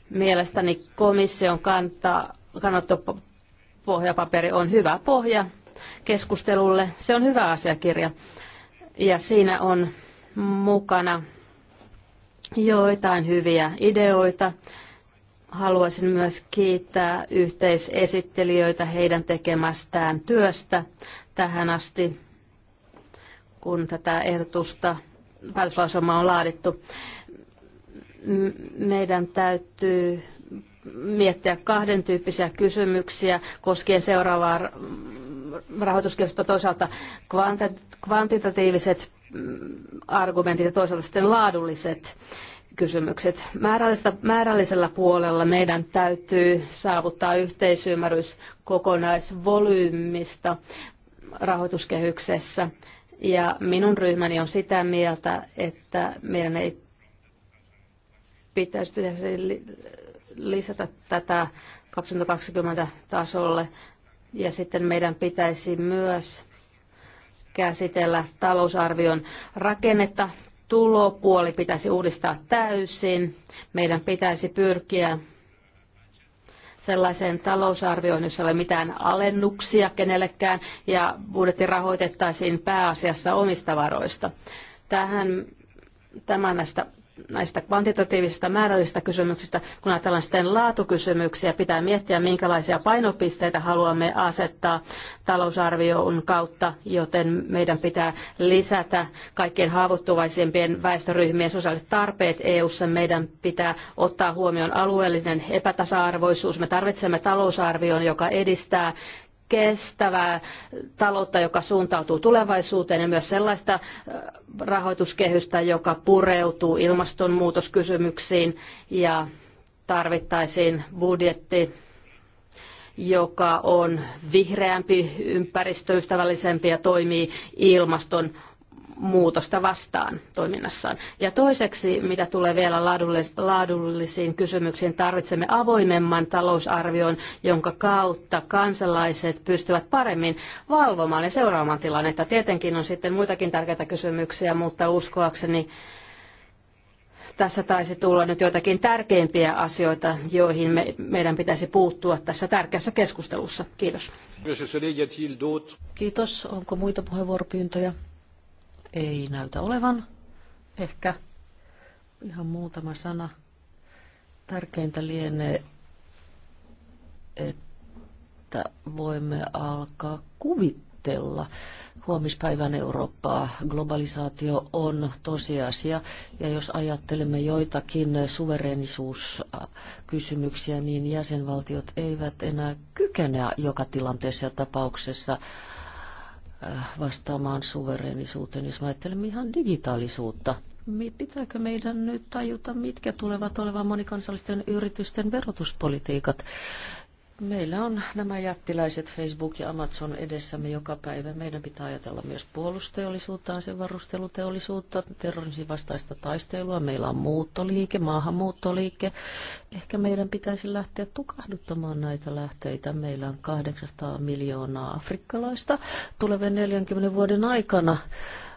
Mielestäni komission kanta, kannattopohjapaperi on hyvä pohja keskustelulle. Se on hyvä asiakirja ja siinä on mukana joitain hyviä ideoita. Haluaisin myös kiittää yhteisesittelijöitä heidän tekemästään työstä tähän asti, kun tätä ehdotusta päätöslausumaa on laadittu. Meidän täytyy miettiä kahden tyyppisiä kysymyksiä koskien seuraavaa rahoituskehystä, toisaalta kvantitatiiviset mm, argumentit ja toisaalta sitten laadulliset kysymykset. määrällisellä puolella meidän täytyy saavuttaa yhteisymmärrys kokonaisvolyymista rahoituskehyksessä. Ja minun ryhmäni on sitä mieltä, että meidän ei pitäisi lisätä tätä 2020 tasolle ja sitten meidän pitäisi myös käsitellä talousarvion rakennetta. Tulopuoli pitäisi uudistaa täysin. Meidän pitäisi pyrkiä sellaiseen talousarvioon, jossa ei ole mitään alennuksia kenellekään, ja budjetti rahoitettaisiin pääasiassa omista varoista. Tähän, tämä näistä näistä kvantitatiivisista määrällisistä kysymyksistä, kun ajatellaan sitten laatukysymyksiä, pitää miettiä, minkälaisia painopisteitä haluamme asettaa talousarvioon kautta, joten meidän pitää lisätä kaikkien haavoittuvaisimpien väestöryhmien sosiaaliset tarpeet EU-ssa. Meidän pitää ottaa huomioon alueellinen epätasa-arvoisuus. Me tarvitsemme talousarvion, joka edistää kestävää taloutta, joka suuntautuu tulevaisuuteen ja myös sellaista rahoituskehystä, joka pureutuu ilmastonmuutoskysymyksiin ja tarvittaisiin budjetti joka on vihreämpi, ympäristöystävällisempi ja toimii ilmaston muutosta vastaan toiminnassaan. Ja toiseksi, mitä tulee vielä laadullisiin kysymyksiin, tarvitsemme avoimemman talousarvion, jonka kautta kansalaiset pystyvät paremmin valvomaan ja seuraamaan tilannetta. Tietenkin on sitten muitakin tärkeitä kysymyksiä, mutta uskoakseni tässä taisi tulla nyt joitakin tärkeimpiä asioita, joihin me, meidän pitäisi puuttua tässä tärkeässä keskustelussa. Kiitos. Kiitos. Onko muita puheenvuoropyyntöjä? ei näytä olevan. Ehkä ihan muutama sana. Tärkeintä lienee, että voimme alkaa kuvitella huomispäivän Eurooppaa. Globalisaatio on tosiasia ja jos ajattelemme joitakin suverenisuuskysymyksiä, niin jäsenvaltiot eivät enää kykene joka tilanteessa ja tapauksessa Äh, vastaamaan suvereenisuuteen, jos ajattelemme ihan digitaalisuutta. Pitääkö meidän nyt tajuta, mitkä tulevat olevan monikansallisten yritysten verotuspolitiikat Meillä on nämä jättiläiset Facebook ja Amazon edessämme joka päivä. Meidän pitää ajatella myös puolusteollisuutta, sen varusteluteollisuutta, terrorismin vastaista taistelua. Meillä on muuttoliike, maahanmuuttoliike. Ehkä meidän pitäisi lähteä tukahduttamaan näitä lähteitä. Meillä on 800 miljoonaa afrikkalaista tulevien 40 vuoden aikana.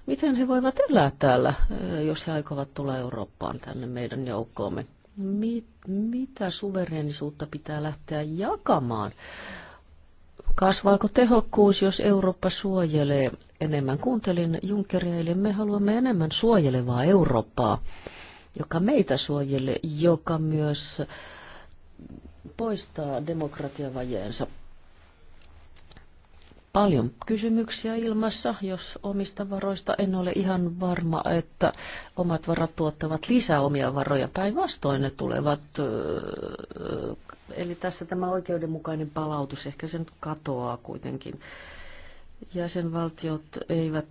Miten he voivat elää täällä, eh, jos he aikovat tulla Eurooppaan tänne meidän joukkoomme? mit, mitä suverenisuutta pitää lähteä jakamaan? Kasvaako tehokkuus, jos Eurooppa suojelee enemmän? Kuuntelin Junckeria, eli me haluamme enemmän suojelevaa Eurooppaa, joka meitä suojelee, joka myös poistaa demokratiavajeensa paljon kysymyksiä ilmassa, jos omista varoista en ole ihan varma, että omat varat tuottavat lisää omia varoja. Päinvastoin ne tulevat, eli tässä tämä oikeudenmukainen palautus ehkä sen katoaa kuitenkin. Jäsenvaltiot eivät,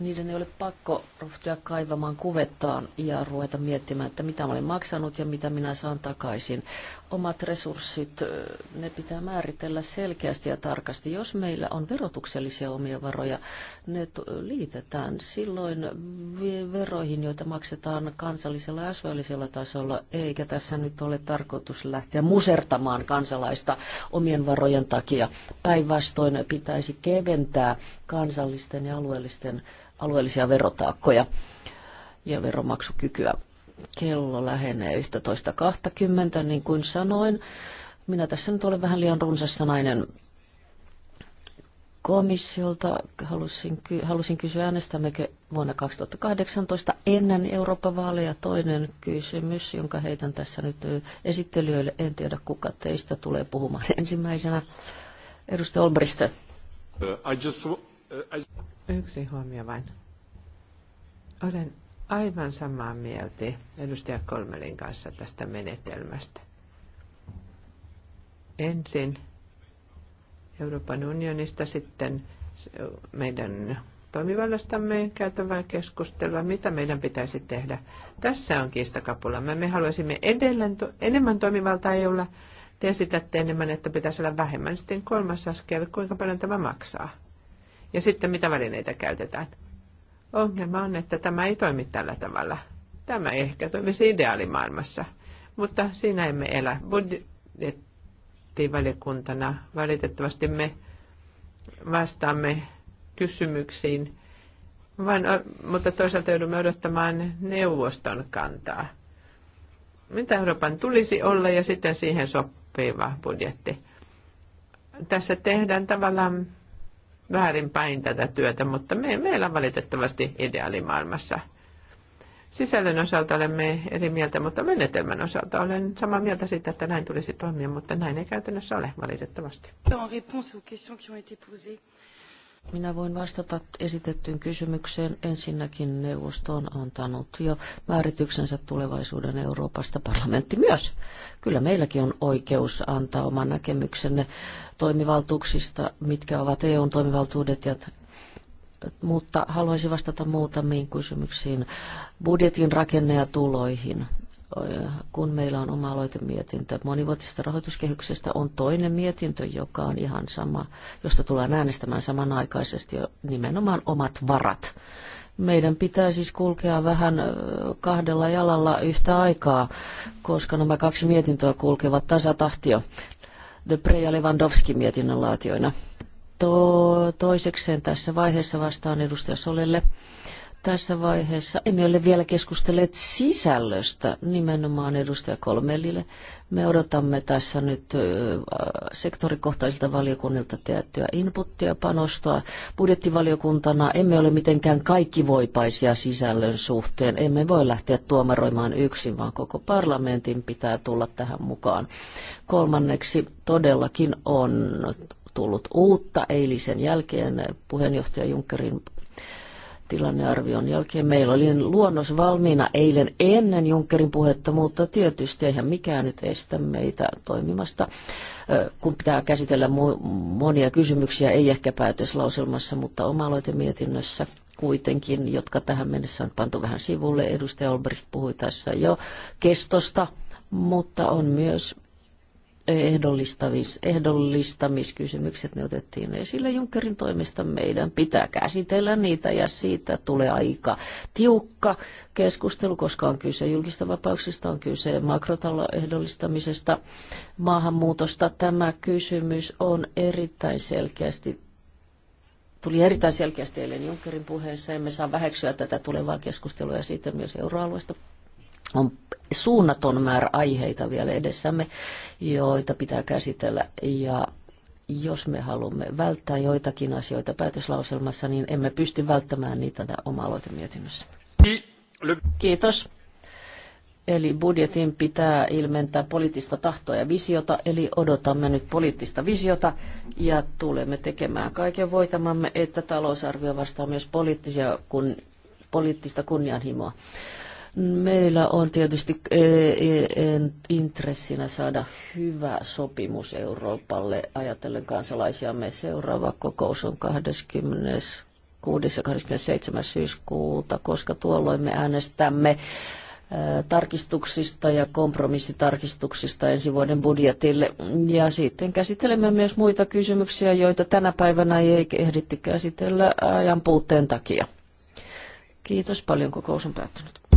niiden ei ole pakko ryhtyä kaivamaan kuvettaan ja ruveta miettimään, että mitä olen maksanut ja mitä minä saan takaisin omat resurssit, ne pitää määritellä selkeästi ja tarkasti. Jos meillä on verotuksellisia omia varoja, ne liitetään silloin veroihin, joita maksetaan kansallisella ja alueellisella tasolla, eikä tässä nyt ole tarkoitus lähteä musertamaan kansalaista omien varojen takia. Päinvastoin pitäisi keventää kansallisten ja alueellisten, alueellisia verotaakkoja ja veromaksukykyä. Kello lähenee 11.20, niin kuin sanoin. Minä tässä nyt olen vähän liian runsassa nainen komissiolta. Halusin, halusin kysyä, äänestämmekö vuonna 2018 ennen Euroopan vaaleja. Toinen kysymys, jonka heitän tässä nyt esittelijöille. En tiedä, kuka teistä tulee puhumaan ensimmäisenä. Edustaja Olbrist. Uh, uh, Yksi huomio vain. Olen aivan samaa mieltä edustaja Kolmelin kanssa tästä menetelmästä. Ensin Euroopan unionista, sitten meidän toimivallastamme käytävää keskustelua, mitä meidän pitäisi tehdä. Tässä on kiistakapula. Me haluaisimme edelleen to- enemmän toimivaltaa olla. Te esitätte enemmän, että pitäisi olla vähemmän. Sitten kolmas askel, kuinka paljon tämä maksaa. Ja sitten mitä välineitä käytetään. Ongelma on, että tämä ei toimi tällä tavalla. Tämä ehkä toimisi ideaalimaailmassa, mutta siinä emme elä. Budjettivaliokuntana valitettavasti me vastaamme kysymyksiin, vaan, mutta toisaalta joudumme odottamaan neuvoston kantaa. Mitä Euroopan tulisi olla ja sitten siihen sopiva budjetti? Tässä tehdään tavallaan väärinpäin tätä työtä, mutta me, meillä on valitettavasti ideaalimaailmassa. Sisällön osalta olemme eri mieltä, mutta menetelmän osalta olen samaa mieltä siitä, että näin tulisi toimia, mutta näin ei käytännössä ole valitettavasti. Minä voin vastata esitettyyn kysymykseen. Ensinnäkin neuvosto on antanut jo määrityksensä tulevaisuuden Euroopasta parlamentti myös. Kyllä meilläkin on oikeus antaa oman näkemyksenne toimivaltuuksista, mitkä ovat EUn toimivaltuudet ja mutta haluaisin vastata muutamiin kysymyksiin. Budjetin rakenne ja tuloihin kun meillä on oma aloitemietintö monivuotisesta rahoituskehyksestä, on toinen mietintö, joka on ihan sama, josta tullaan äänestämään samanaikaisesti jo nimenomaan omat varat. Meidän pitää siis kulkea vähän kahdella jalalla yhtä aikaa, koska nämä kaksi mietintöä kulkevat tasatahtio The Pre ja Lewandowski mietinnön laatioina. To, toisekseen tässä vaiheessa vastaan edustaja Solelle tässä vaiheessa emme ole vielä keskustelleet sisällöstä nimenomaan edustaja Kolmelille. Me odotamme tässä nyt sektorikohtaisilta valiokunnilta tiettyä inputtia, panostoa. Budjettivaliokuntana emme ole mitenkään kaikki voipaisia sisällön suhteen. Emme voi lähteä tuomaroimaan yksin, vaan koko parlamentin pitää tulla tähän mukaan. Kolmanneksi todellakin on tullut uutta eilisen jälkeen puheenjohtaja Junckerin tilannearvion jälkeen. Meillä oli luonnos valmiina eilen ennen Junckerin puhetta, mutta tietysti eihän mikään nyt estä meitä toimimasta, kun pitää käsitellä monia kysymyksiä, ei ehkä päätöslauselmassa, mutta oma mietinnössä kuitenkin, jotka tähän mennessä on pantu vähän sivulle. Edustaja Olbricht puhui tässä jo kestosta, mutta on myös ehdollistamis, ehdollistamiskysymykset ne otettiin esille Junckerin toimesta. Meidän pitää käsitellä niitä ja siitä tulee aika tiukka keskustelu, koska on kyse julkista vapauksista, on kyse makrotalon ehdollistamisesta maahanmuutosta. Tämä kysymys on erittäin selkeästi tuli erittäin selkeästi eilen Junckerin puheessa. Emme saa väheksyä tätä tulevaa keskustelua ja siitä myös euroalueesta on suunnaton määrä aiheita vielä edessämme, joita pitää käsitellä. Ja jos me haluamme välttää joitakin asioita päätöslauselmassa, niin emme pysty välttämään niitä oma-aloitemietinnössä. Kiitos. Eli budjetin pitää ilmentää poliittista tahtoa ja visiota, eli odotamme nyt poliittista visiota ja tulemme tekemään kaiken voitamamme, että talousarvio vastaa myös poliittisia kun, poliittista kunnianhimoa. Meillä on tietysti e, e, intressinä saada hyvä sopimus Euroopalle ajatellen kansalaisiamme. Seuraava kokous on 26. ja 27. syyskuuta, koska tuolloin me äänestämme e, tarkistuksista ja kompromissitarkistuksista ensi vuoden budjetille. Ja sitten käsittelemme myös muita kysymyksiä, joita tänä päivänä ei ehditty käsitellä ajan puutteen takia. Kiitos paljon, kokous on päättynyt.